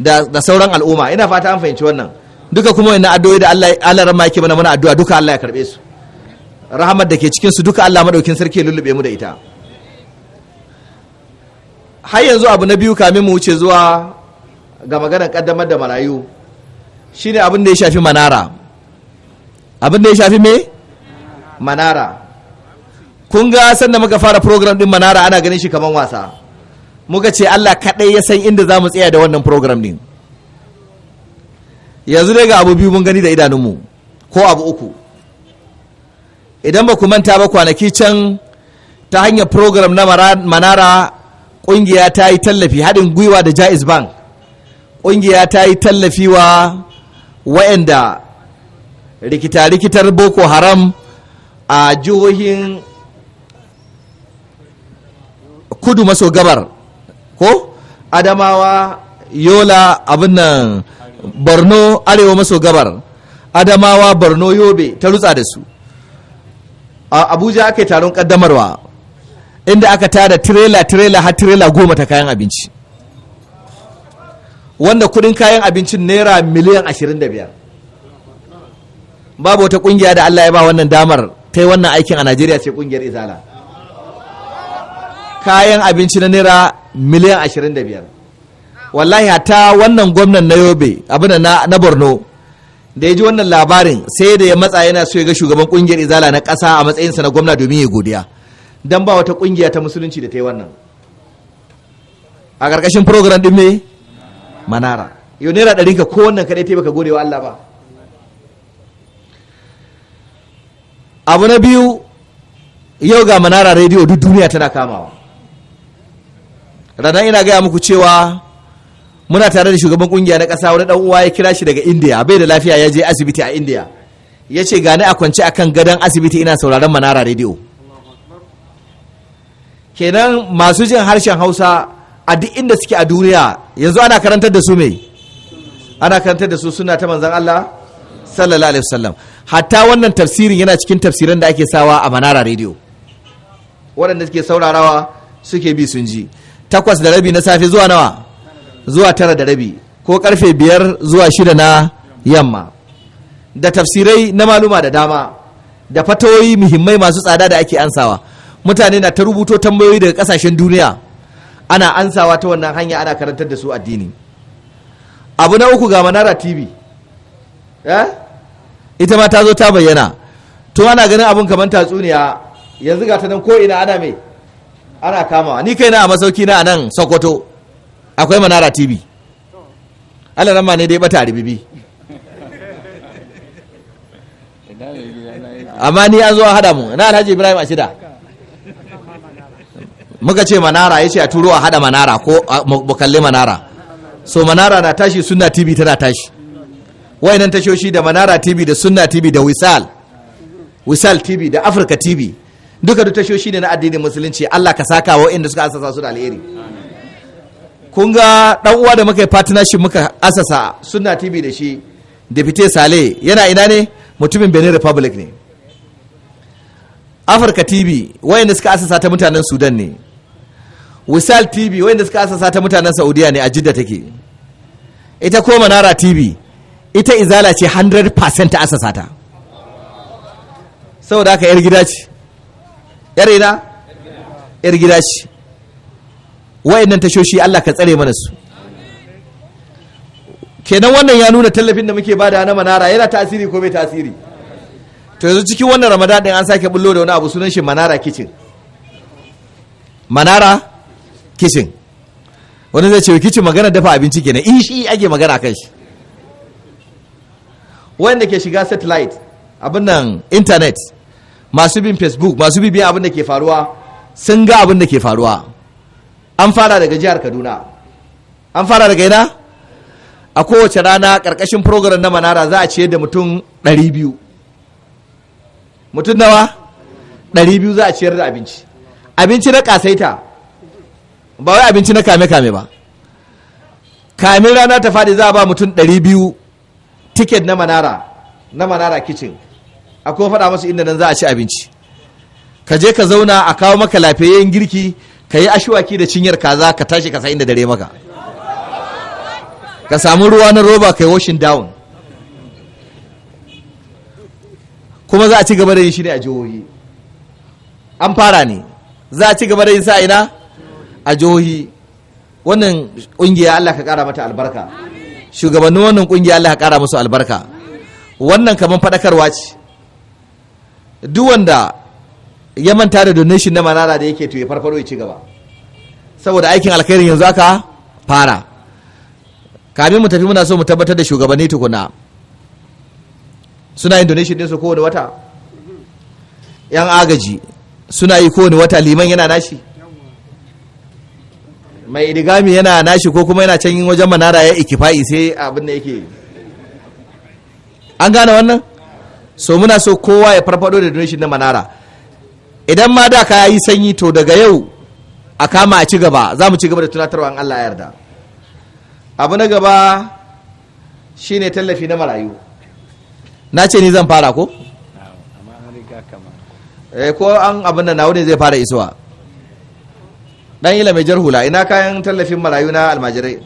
da, sauran al'umma ina fata an fahimci wannan duka kuma ina addu'o'i da Allah Allah yake mana mana addu'a duka Allah ya karbe su rahamar da ke cikin su duka Allah maɗaukin sarki ya lullube mu da ita har yanzu abu na biyu kamin mu wuce zuwa ga maganar kaddamar da marayu shine abin da ya shafi manara abin da ya shafi me manara kun ga sanda muka fara program din manara ana ganin shi kamar wasa muka ce Allah kaɗai ya san inda zamu mu tsaya da wannan program din yanzu dai ga abu biyu mun gani da idanunmu ko abu uku idan ba ku manta ba kwanaki can ta hanyar program na manara ƙungiya ta yi tallafi haɗin gwiwa da jaiz bank ƙungiya ta yi tallafi wa waɗanda rikita-rikitar boko haram a jihohin kudu maso gabar ko adamawa yola abin nan borno arewa maso gabar adamawa borno yobe ta rutsa da su a abuja aka yi taron kaddamarwa inda aka tada tirela tirela har tirela goma ta kayan abinci wanda kudin kayan abincin naira miliyan 25 babu wata kungiya da Allah ya ba wannan damar ta yi wannan aikin a Najeriya ce kungiyar Izala kayan abinci na naira miliyan 25 wallahi hata wannan gwamnan na Yobe abin na, na Borno da ya ji wannan labarin sai da ya matsa yana so ya ga shugaban kungiyar Izala na ƙasa a matsayinsa na gwamna domin ya godiya Don ba wata kungiya ta musulunci da ta yi wannan a ƙarƙashin program ɗin me manara yau naira ɗari ka ko kaɗai ta yi baka gode wa Allah ba abu na biyu yau ga manara rediyo duk duniya tana kamawa ranar ina gaya muku cewa muna tare da shugaban kungiya na ƙasa wani ɗan uwa ya kira shi daga indiya bai da lafiya ya je asibiti a indiya ya ce gani a kwance akan gadon asibiti ina sauraron manara rediyo kenan masu jin harshen hausa a duk inda suke a duniya yanzu ana karantar da su mai ana karantar da su suna ta manzan Allah sallallahu alaihi wasallam hatta wannan tafsirin yana cikin tafsiran da ake sawa a manara Radio, waɗanda suke saurarawa suke bi sun ji takwas da rabi na safe zuwa nawa zuwa tara da rabi ko karfe biyar zuwa shida na yamma da tafsirai na maluma da dama da fatoyi muhimmai masu tsada da ake ansawa mutane na ta rubuto tambayoyi daga kasashen duniya ana ansawa ta wannan hanya ana karantar da su addini abu na uku ga manara tv eh? ita ma ta zo ta bayyana to ana ganin abun kamar tatsuniya yanzu ga ta nan ko ina ana mai ana kama ni kai na a masauki na a nan sokoto akwai manara tv allah ramma ne dai bata ribibi amma ni an zo a mu na alhaji ibrahim a shida muka ce manara ya ce a turo a hada manara ko mu kalli manara so manara na tashi sunna tv tana tashi wayannan tashoshi da manara tv da sunna tv da wisal wisal tv da africa tv duka duk tashoshi ne na addinin musulunci allah ka saka wa inda suka asasa su da alheri kun ga dan uwa da muka yi partnership muka asasa sunna tv da shi deputy sale yana ina ne mutumin benin republic ne afirka tv wayanda suka asasa ta mutanen sudan ne wisal tv wanda suka asasa ta mutanen saudiya ne a jidda take ita ko manara tv ita izala ce 100% ta asasa ta saboda haka yar gida ce yar ina yar gida ce wayannan tashoshi Allah ka tsare mana su kenan wannan ya nuna tallafin da muke bada na manara yana tasiri ko bai tasiri to yanzu cikin wannan ramadan din an sake bullo da wani abu sunan shi manara kitchen manara kishin wani zai ce kishin magana dafa abinci kenan in shi ake magana kan shi wanda ke shiga satellite abin nan internet masu bin facebook masu bin abin da ke faruwa sun ga abin da ke faruwa an fara daga jihar kaduna an fara daga yana? a kowace rana karkashin program na manara za a ciyar da mutum 200 mutum nawa 200 za a ciyar da abinci abinci na kasaita ba wai abinci na kame-kame ba kamin rana ta faɗi za a ba mutum 200 tiket na manara na manara kitchen a kuma faɗa masu inda nan za a ci abinci ka je ka zauna a kawo maka lafiyayyen girki ka yi ashuwaki da cinyar kaza ka tashi ka sa inda dare maka ka samu ruwa na roba ka yi washin down kuma za a ci gaba da yin shi ne a jihohi an fara ne za a ci gaba da yin sa'ina ina a jihohi wannan kungiya Allah ka kara mata albarka shugabannin wannan kungiya Allah ka kara musu albarka wannan kaman fadakarwa ce duk wanda ya manta da donation na manara da yake to ya farfaro ya ci gaba saboda aikin alkhairin yanzu aka fara kamin mu tafi muna so mu tabbatar da shugabanni tukuna suna yin donation su kowane wata yan agaji suna yi kowane wata liman yana nashi mai idigami yana nashi ko kuma yana can wajen manara ya ikifa'i sai abin da yake an gane wannan so muna so kowa ya farfado da donation na manara idan ma da ka yi sanyi to daga yau a kama a ci gaba za mu ci gaba da tunatarwa an Allah ya yarda abu na gaba shine tallafi na marayu na ce ni zan fara ko eh, ko an abin da na ne zai fara isuwa dan ila mai jarhula ina kayan tallafin marayu na almajirai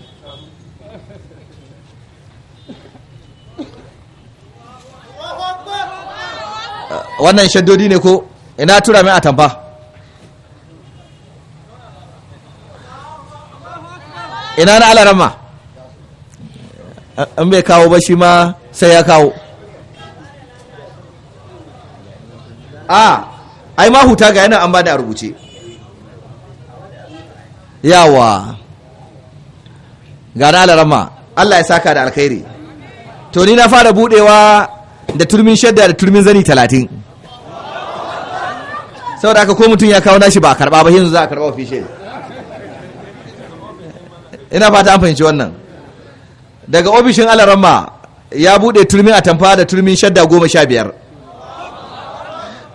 wannan shaddodi ne ko ina tura mai atamfa ina na alarama an bai kawo ba shi ma sai ya kawo a ah, ai ma huta ga yana an bani a rubuce yawa gana alarama allah ya saka da alkhairi to ni na fara budewa da turmin shadda da turmin zani talatin saboda aka ko mutum ya kawo nashi ba a karba ba yanzu za a karba ofishe ina fata an fahimci wannan daga ofishin alarama ya bude turmin atamfa da turmin shadda goma sha biyar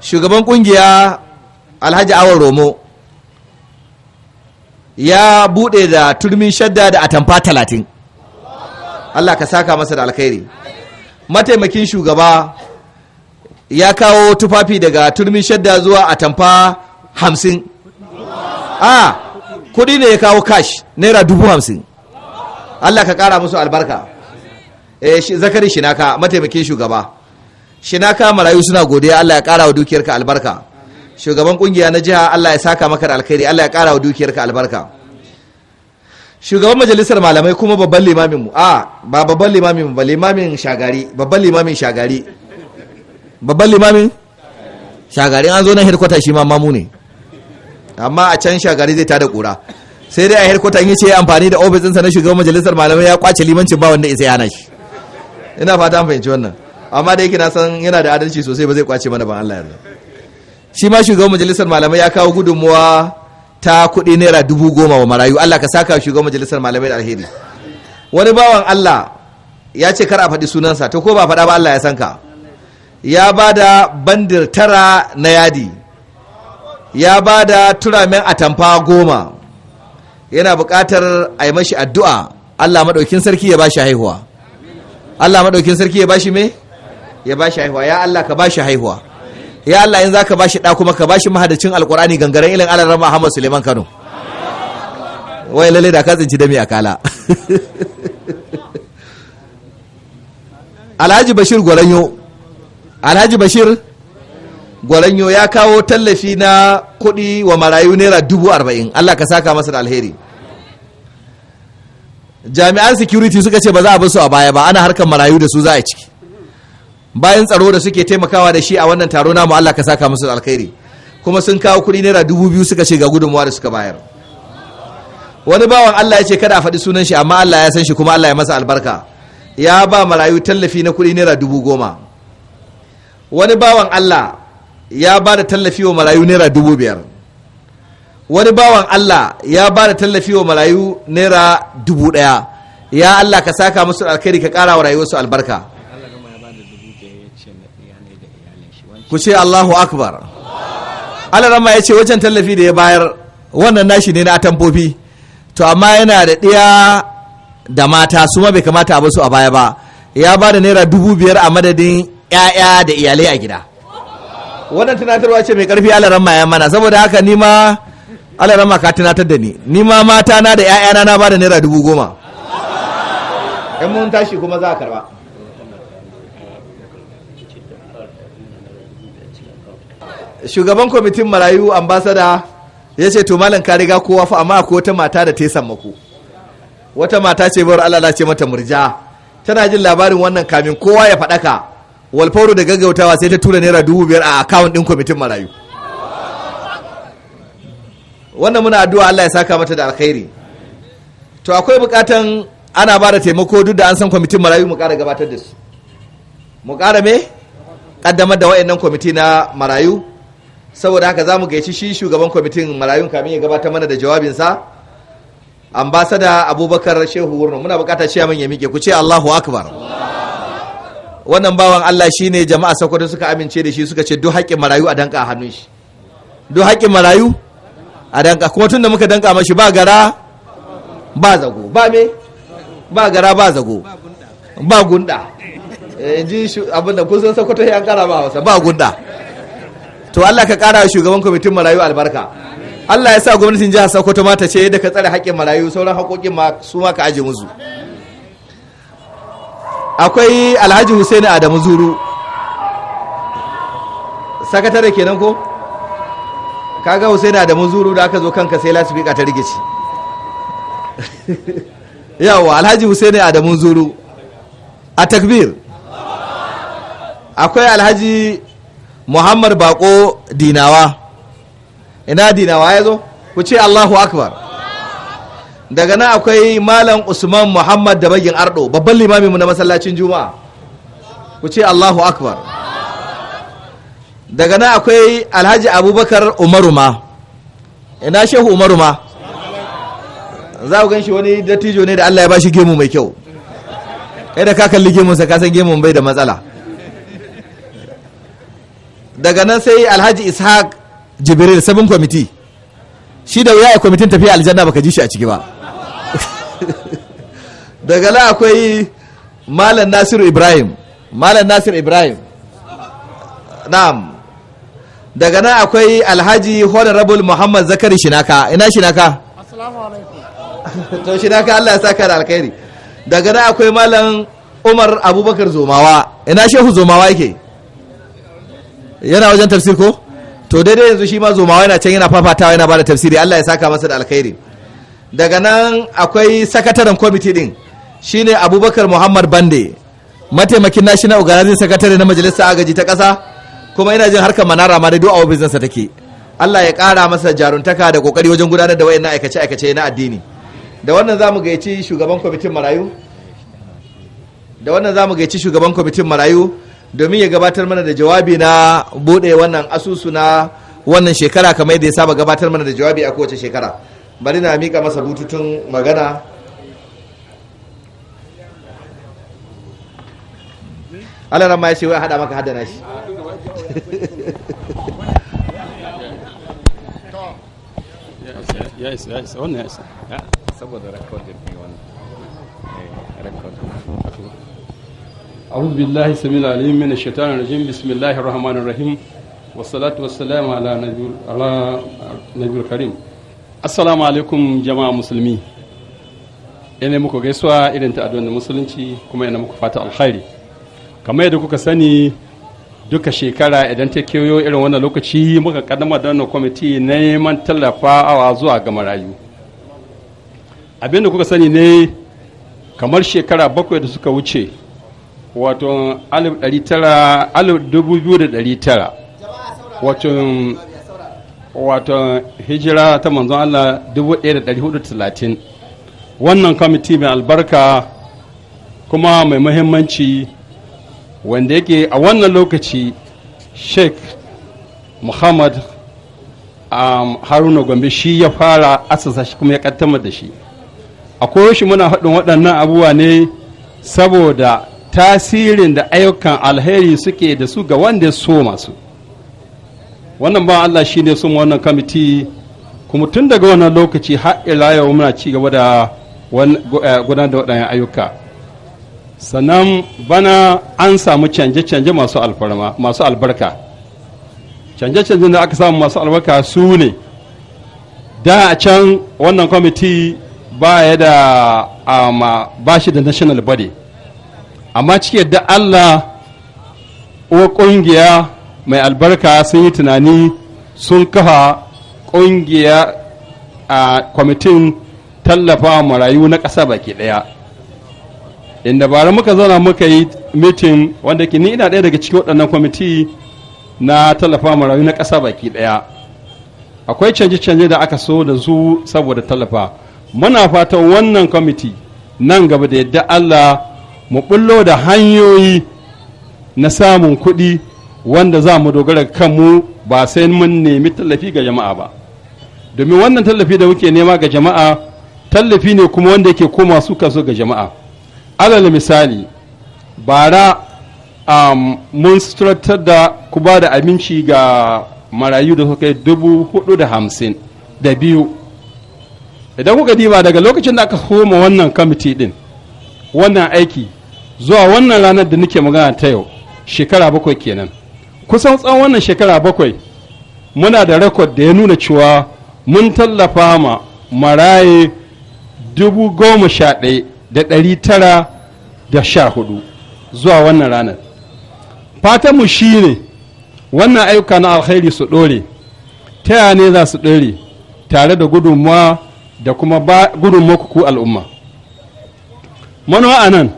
shugaban kungiya alhaji awon romo ya bude da turmin shadda da atamfa talatin Allah ka saka masa da alkhairi mataimakin shugaba ya kawo tufafi daga turmin shadda zuwa atamfa hamsin a kudi ne ya kawo kash naira dubu hamsin Allah ka kara musu albarka e, zakari shinaka mataimakin shugaba shinaka marayu suna godiya Allah ya kara wa dukiyarka albarka shugaban kungiya na jiha Allah ya saka maka da alkhairi Allah ya kara wa dukiyarka albarka shugaban majalisar malamai kuma babban limamin mu a ba babban limamin mu ba limamin shagari babban limamin shagari babban limamin shagari an zo nan hirkwata shi ma mamu ne amma a can shagari zai tada kura sai dai a yi yace amfani da office ɗinsa na shugaban majalisar malamai ya kwace limanci ba wanda isa yana shi ina fata an fahimci wannan amma da yake na san yana da adalci sosai ba zai kwace mana ban Allah yarda shi ma shugaban majalisar malamai ya kawo gudunmuwa ta kuɗi naira dubu goma wa marayu allah ka saka shugaban majalisar malamai da alheri wani bawan allah ya ce kar a faɗi sunansa to ko ba faɗa ba allah ya san ka ya ba da bandir tara na yadi ya ba da turamen atamfa goma yana buƙatar a yi mashi addu'a allah maɗaukin sarki ya ba shi haihuwa allah maɗaukin sarki ya ba shi me ya ba shi haihuwa ya allah ka ba shi haihuwa ya Allah in zaka bashi da kuma ka bashi mahadacin alkur'ani gangaren ilin alar rama Muhammad Suleiman Kano wai lalle da ka tsinci dami a kala Alhaji Bashir Gwaranyo Alhaji Bashir Gwaranyo ya kawo tallafi na kuɗi wa marayu naira dubu arba'in Allah ka saka masa da alheri jami'an security suka ce ba za a bar su a baya ba ana harkar marayu da su za a ciki bayan tsaro da suke taimakawa da shi a wannan taro namu Allah ka saka musu alkhairi kuma sun kawo kuɗi naira dubu biyu suka ce ga gudunmuwa da suka bayar wani bawan Allah ya ce kada a faɗi sunan shi amma Allah ya san shi kuma Allah ya masa albarka ya ba marayu tallafi na kuɗi naira dubu goma wani bawan Allah ya ba da tallafi wa marayu naira dubu biyar wani bawan Allah ya ba da tallafi wa marayu naira dubu ɗaya ya Allah ka saka musu alkhairi ka ƙara wa rayuwarsu albarka ku ce Allahu akbar alarama ya ce wajen tallafi da ya bayar wannan nashi ne na atamfofi to amma yana da ɗiya da mata su ma bai kamata a basu a baya ba ya ba da naira dubu biyar a madadin 'ya'ya da iyalai a gida wannan tunatarwa ce mai karfi ramma ya mana saboda haka ni ma ramma ka tunatar da ni ni ma mata na da 'ya'yana na ba da naira dubu goma Yan mun tashi kuma za a karba shugaban kwamitin marayu ambasada ya ce to malam ka riga kowa fa amma akwai wata mata da ta yi sammako wata mata ce bar Allah ce mata murja tana jin labarin wannan kamin kowa ya faɗaka walfauru da gaggautawa sai ta tura naira dubu biyar a akawun ɗin kwamitin marayu wannan muna addu'a Allah ya saka mata da alkhairi to akwai bukatan ana ba da taimako duk da an san kwamitin marayu mu ƙara gabatar da su mu ƙara me kaddamar da wa'annan kwamiti na marayu saboda haka za mu gaici shi shugaban kwamitin marayun kamin ya gabatar mana da jawabinsa ambasada abubakar shehu wurin muna bukata min ya miƙe ku ce allahu akbar wannan bawan allah shi ne jama'a sakwado suka amince da shi suka ce duk haƙƙin marayu a danka a hannun shi duk haƙƙin marayu a danka kuma tun da muka danka mashi ba gara ba zago ba me ba gara ba zago ba gunda eh, in ji abin da kun san sakwato ya kara ba hausa ba gunda to Allah ka kara shugaban kwamitin marayu albarka Allah ya sa gwamnatin jihar Sokoto ta ce yadda ka tsare haƙƙin marayu sauran haƙoƙin ma su ma ka aje musu akwai Alhaji Hussein Adamu Zuru sakatare kenan ko kaga Hussein Adamu Zuru da aka zo kanka sai lasifika ta rikici yawa Alhaji Hussein Adamu Zuru a takbir akwai Alhaji muhammad bako dinawa ina dinawa ya zo ku ce allahu akbar daga nan akwai malam usman muhammad da bagin ardo babban limaminmu na masallacin juma'a ku ce allahu akbar daga nan akwai alhaji abubakar umaru ina shehu umaru ma za ku gan shi wani dattijo ne da allah ya ba shi gemu mai kyau kai da ka kalli gemunsa ka san gemun bai da matsala daga nan sai alhaji ishaq jibril sabon kwamiti shi da wuya a kwamitin tafiya aljanna baka ji shi a ciki ba daga nan akwai malam nasiru ibrahim malam nasiru ibrahim na'am daga nan akwai alhaji honorable muhammad zakari shinaka ina shinaka to shinaka allah ya saka da alkhairi daga nan akwai malam umar abubakar zomawa ina shehu zomawa yake yana wajen tafsir ko to daidai yanzu shi ma zomawa yana can yana fafatawa yana bada tafsiri Allah ya saka masa da alkhairi daga nan akwai sakataren kwamiti din shine Abubakar Muhammad Bande mataimakin National Organizing Secretary na Majalisar Agaji ta ƙasa kuma ina jin harkar Manara ma dai du'a business take Allah ya ƙara masa jaruntaka da kokari wajen gudanar da wayannan aikace aikace na addini da wannan zamu gaici shugaban kwamitin marayu da wannan zamu gayyaci shugaban kwamitin marayu domin ya gabatar mana da jawabi na bude wannan asusu na wannan shekara kamar yadda ya saba gabatar mana da jawabi a kowace shekara bari na mika masa bututun magana Allah ma ya ce wai hada maka hadana shi ya isa ya isa wannan ya isa eh, saboda rekodin mai wannan rekodin أعوذ بالله السميع العليم من الشيطان الرجيم بسم الله الرحمن الرحيم والصلاة والسلام على نبي على نبي الكريم السلام عليكم جماعة مسلمين ina muku gaisuwa irin ta adon musulunci kuma ina muku fata alkhairi kamar yadda kuka sani duka shekara idan ta kewayo irin wannan lokaci muka kaddama da wannan kwamiti na neman tallafawa zuwa ga marayu abinda kuka sani ne kamar shekara bakwai da suka wuce wato wato wato hijira ta manzon Allah 1430 wannan kwamiti mai albarka kuma mai muhimmanci wanda yake a wannan lokaci sheikh muhammad um, haruna gombe shi ya fara asasa shi kuma ya kaddamar da shi a shi muna haɗin waɗannan abubuwa ne saboda tasirin da ayyukan alheri suke da su ga wanda ya so masu wannan ba Allah shi ne sun wannan kamiti kuma tun daga wannan lokaci har ila yau muna ci gaba da eh, gudanar da waɗannan ayyuka sannan bana an samu canje-canje masu alfarma masu albarka canje-canje da aka samu masu albarka su ne da a can wannan kwamiti ba ya da ah, ba shi da national body amma ciki yadda Allah wa ƙungiya mai albarka sun yi tunani sun kafa ƙungiya a kwamitin tallafa marayu na ƙasa baki ɗaya inda bara muka zauna muka yi mitin wanda ke ni ina ɗaya daga cikin waɗannan kwamiti na tallafa marayu na ƙasa baki ɗaya akwai canje-canje da aka so da su saboda tallafa muna fatan wannan kwamiti nan gaba da yadda Allah mu bullo da hanyoyi na samun kuɗi wanda za mu dogara kanmu ba sai mun nemi tallafi ga jama'a ba domin wannan tallafi da muke nema ga jama'a tallafi ne kuma wanda yake koma su kaso ga jama'a alal misali bara um, mun suturatar da ku ba da abinci ga marayu da suka yi dubu hudu da hamsin da biyu idan kuka diba daga lokacin da aka koma wannan kamiti din wannan aiki zuwa wannan ranar da nake magana ta yau shekara bakwai kenan kusan tsawon wannan shekara bakwai muna da rekod da ya nuna cewa mun tallafa ma maraye dubu goma sha ɗaya da ɗari tara da sha hudu zuwa wannan ranar fatanmu shi ne wannan ayyuka na alkhairi su ɗore ta yaya ne za su ɗore tare da gudunmawa da kuma gudunmawa kuku al'umma manowa a nan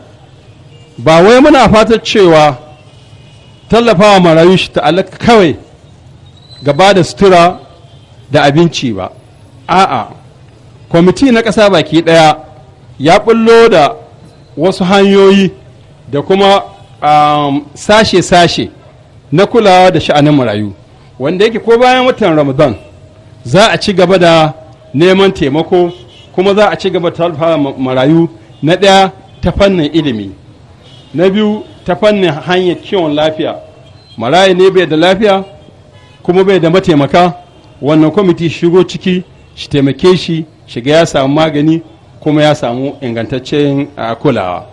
ba wai muna fatar cewa tallafawa marayu shi ta'allaka kawai gaba da sutura da abinci ba a'a kwamiti na ƙasa baki ɗaya ya ɓullo da wasu hanyoyi da kuma um, sashe-sashe na kulawa da sha'anin marayu wanda yake ko bayan watan ramadan za a ci gaba da neman taimako kuma za a ci gaba da marayu na ɗaya ta fannin ilimi na biyu ta fannin hanyar kiwon lafiya marayi ne bai da lafiya kuma bai da mataimaka wannan kwamiti shigo ciki shi taimake shi shiga ya samu magani kuma ya samu ingantaccen kulawa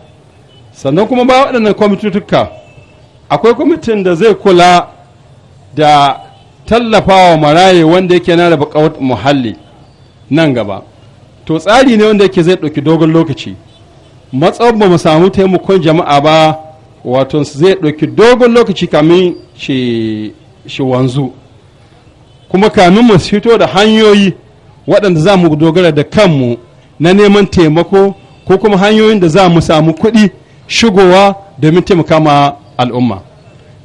sannan kuma ba waɗannan kwamitutuka akwai kwamitin da zai kula da tallafawa maraye wanda yake na da muhalli nan gaba to tsari ne wanda yake zai ɗauki dogon lokaci matsawar ba mu samu taimakon jama'a ba wato zai ɗauki dogon lokaci kamin shi wanzu kuma kamin mu fito da hanyoyi waɗanda za mu dogara da kanmu na neman taimako ko kuma hanyoyin da za mu samu kuɗi shigowa domin taimaka ma al'umma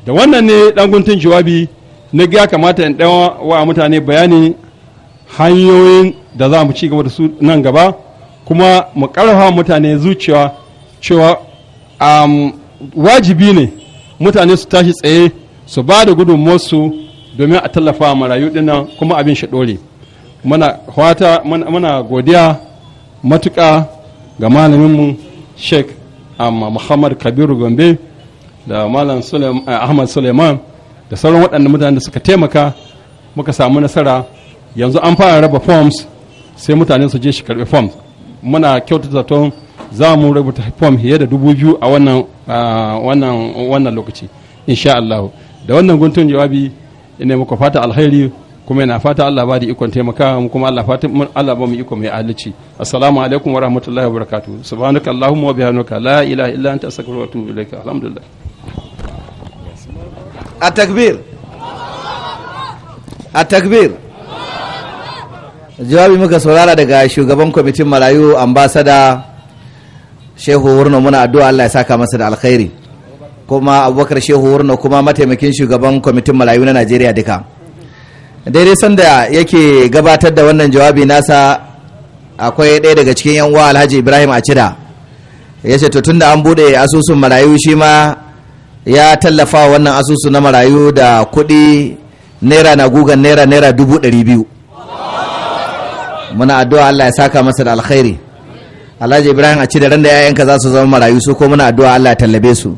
da wannan ne ɗanguntun jawabi na ga kamata in ɗan wa mutane bayani hanyoyin da za mu ci gaba da su nan gaba kuma mu ƙarfafa mutane zuciya cewa um, wajibi ne mutane su tashi tsaye su ba da gudunmuwarsu domin a tallafa marayu dinnan kuma abin shi ɗore mana hwata mana godiya matuka ga malaminmu sheik um, muhammad kabiru gombe da malam eh, ahmad suleiman da sauran waɗanda mutane da suka taimaka muka samu nasara yanzu an fara raba forms sai mutane su je shi karɓi forms muna kyautata zaton za mu rubuta fom fiye da dubu biyu a wannan wannan wannan lokaci insha Allah da wannan guntun jawabi ina muka fata alheri kuma yana fata Allah ba da ikon taimaka mu kuma Allah fata Allah ba mu iko mai alici assalamu alaikum wa rahmatullahi wa barakatuh subhanaka allahumma wa bihamdika la ilaha illa anta astaghfiruka wa atubu ilaik alhamdulillah التكبير التكبير jawabi muka saurara daga shugaban kwamitin marayu ambasada shehu wurno muna addu'a allah ya saka masa da alkhairi kuma abubakar shehu wurna kuma mataimakin shugaban kwamitin marayu na najeriya duka daidai sanda yake gabatar da wannan jawabi nasa akwai ɗaya daga cikin yan uwa alhaji ibrahim acida ya ce tun da an buɗe asusun marayu shi ma ya tallafa wannan asusu na marayu da kuɗi naira na gugan naira naira dubu ɗari biyu muna addu'a Allah ya saka masa da alkhairi Alhaji Ibrahim a ci da ran da yayanka za su zama marayu su ko muna addu'a Allah ya tallabe su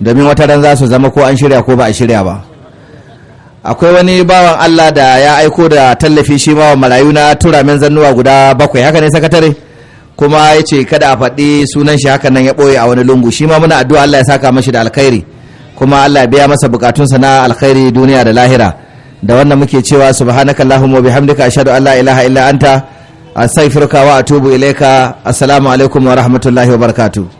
domin wata ran za su zama ko an shirya ko ba a shirya ba akwai wani bawan Allah da ya aiko da tallafi shi ma marayu na tura zannuwa guda bakwai haka ne sakatare kuma ya ce kada a faɗi sunan shi hakan nan ya ɓoye a wani lungu shi ma muna addu'a Allah ya saka mashi da alkhairi kuma Allah ya biya masa bukatunsa na alkhairi duniya da lahira da wannan muke cewa allahumma wa bihamdika ashhadu an la ilaha illa anta astaghfiruka wa atubu ilaika assalamu alaikum wa rahmatullahi wa barakatuh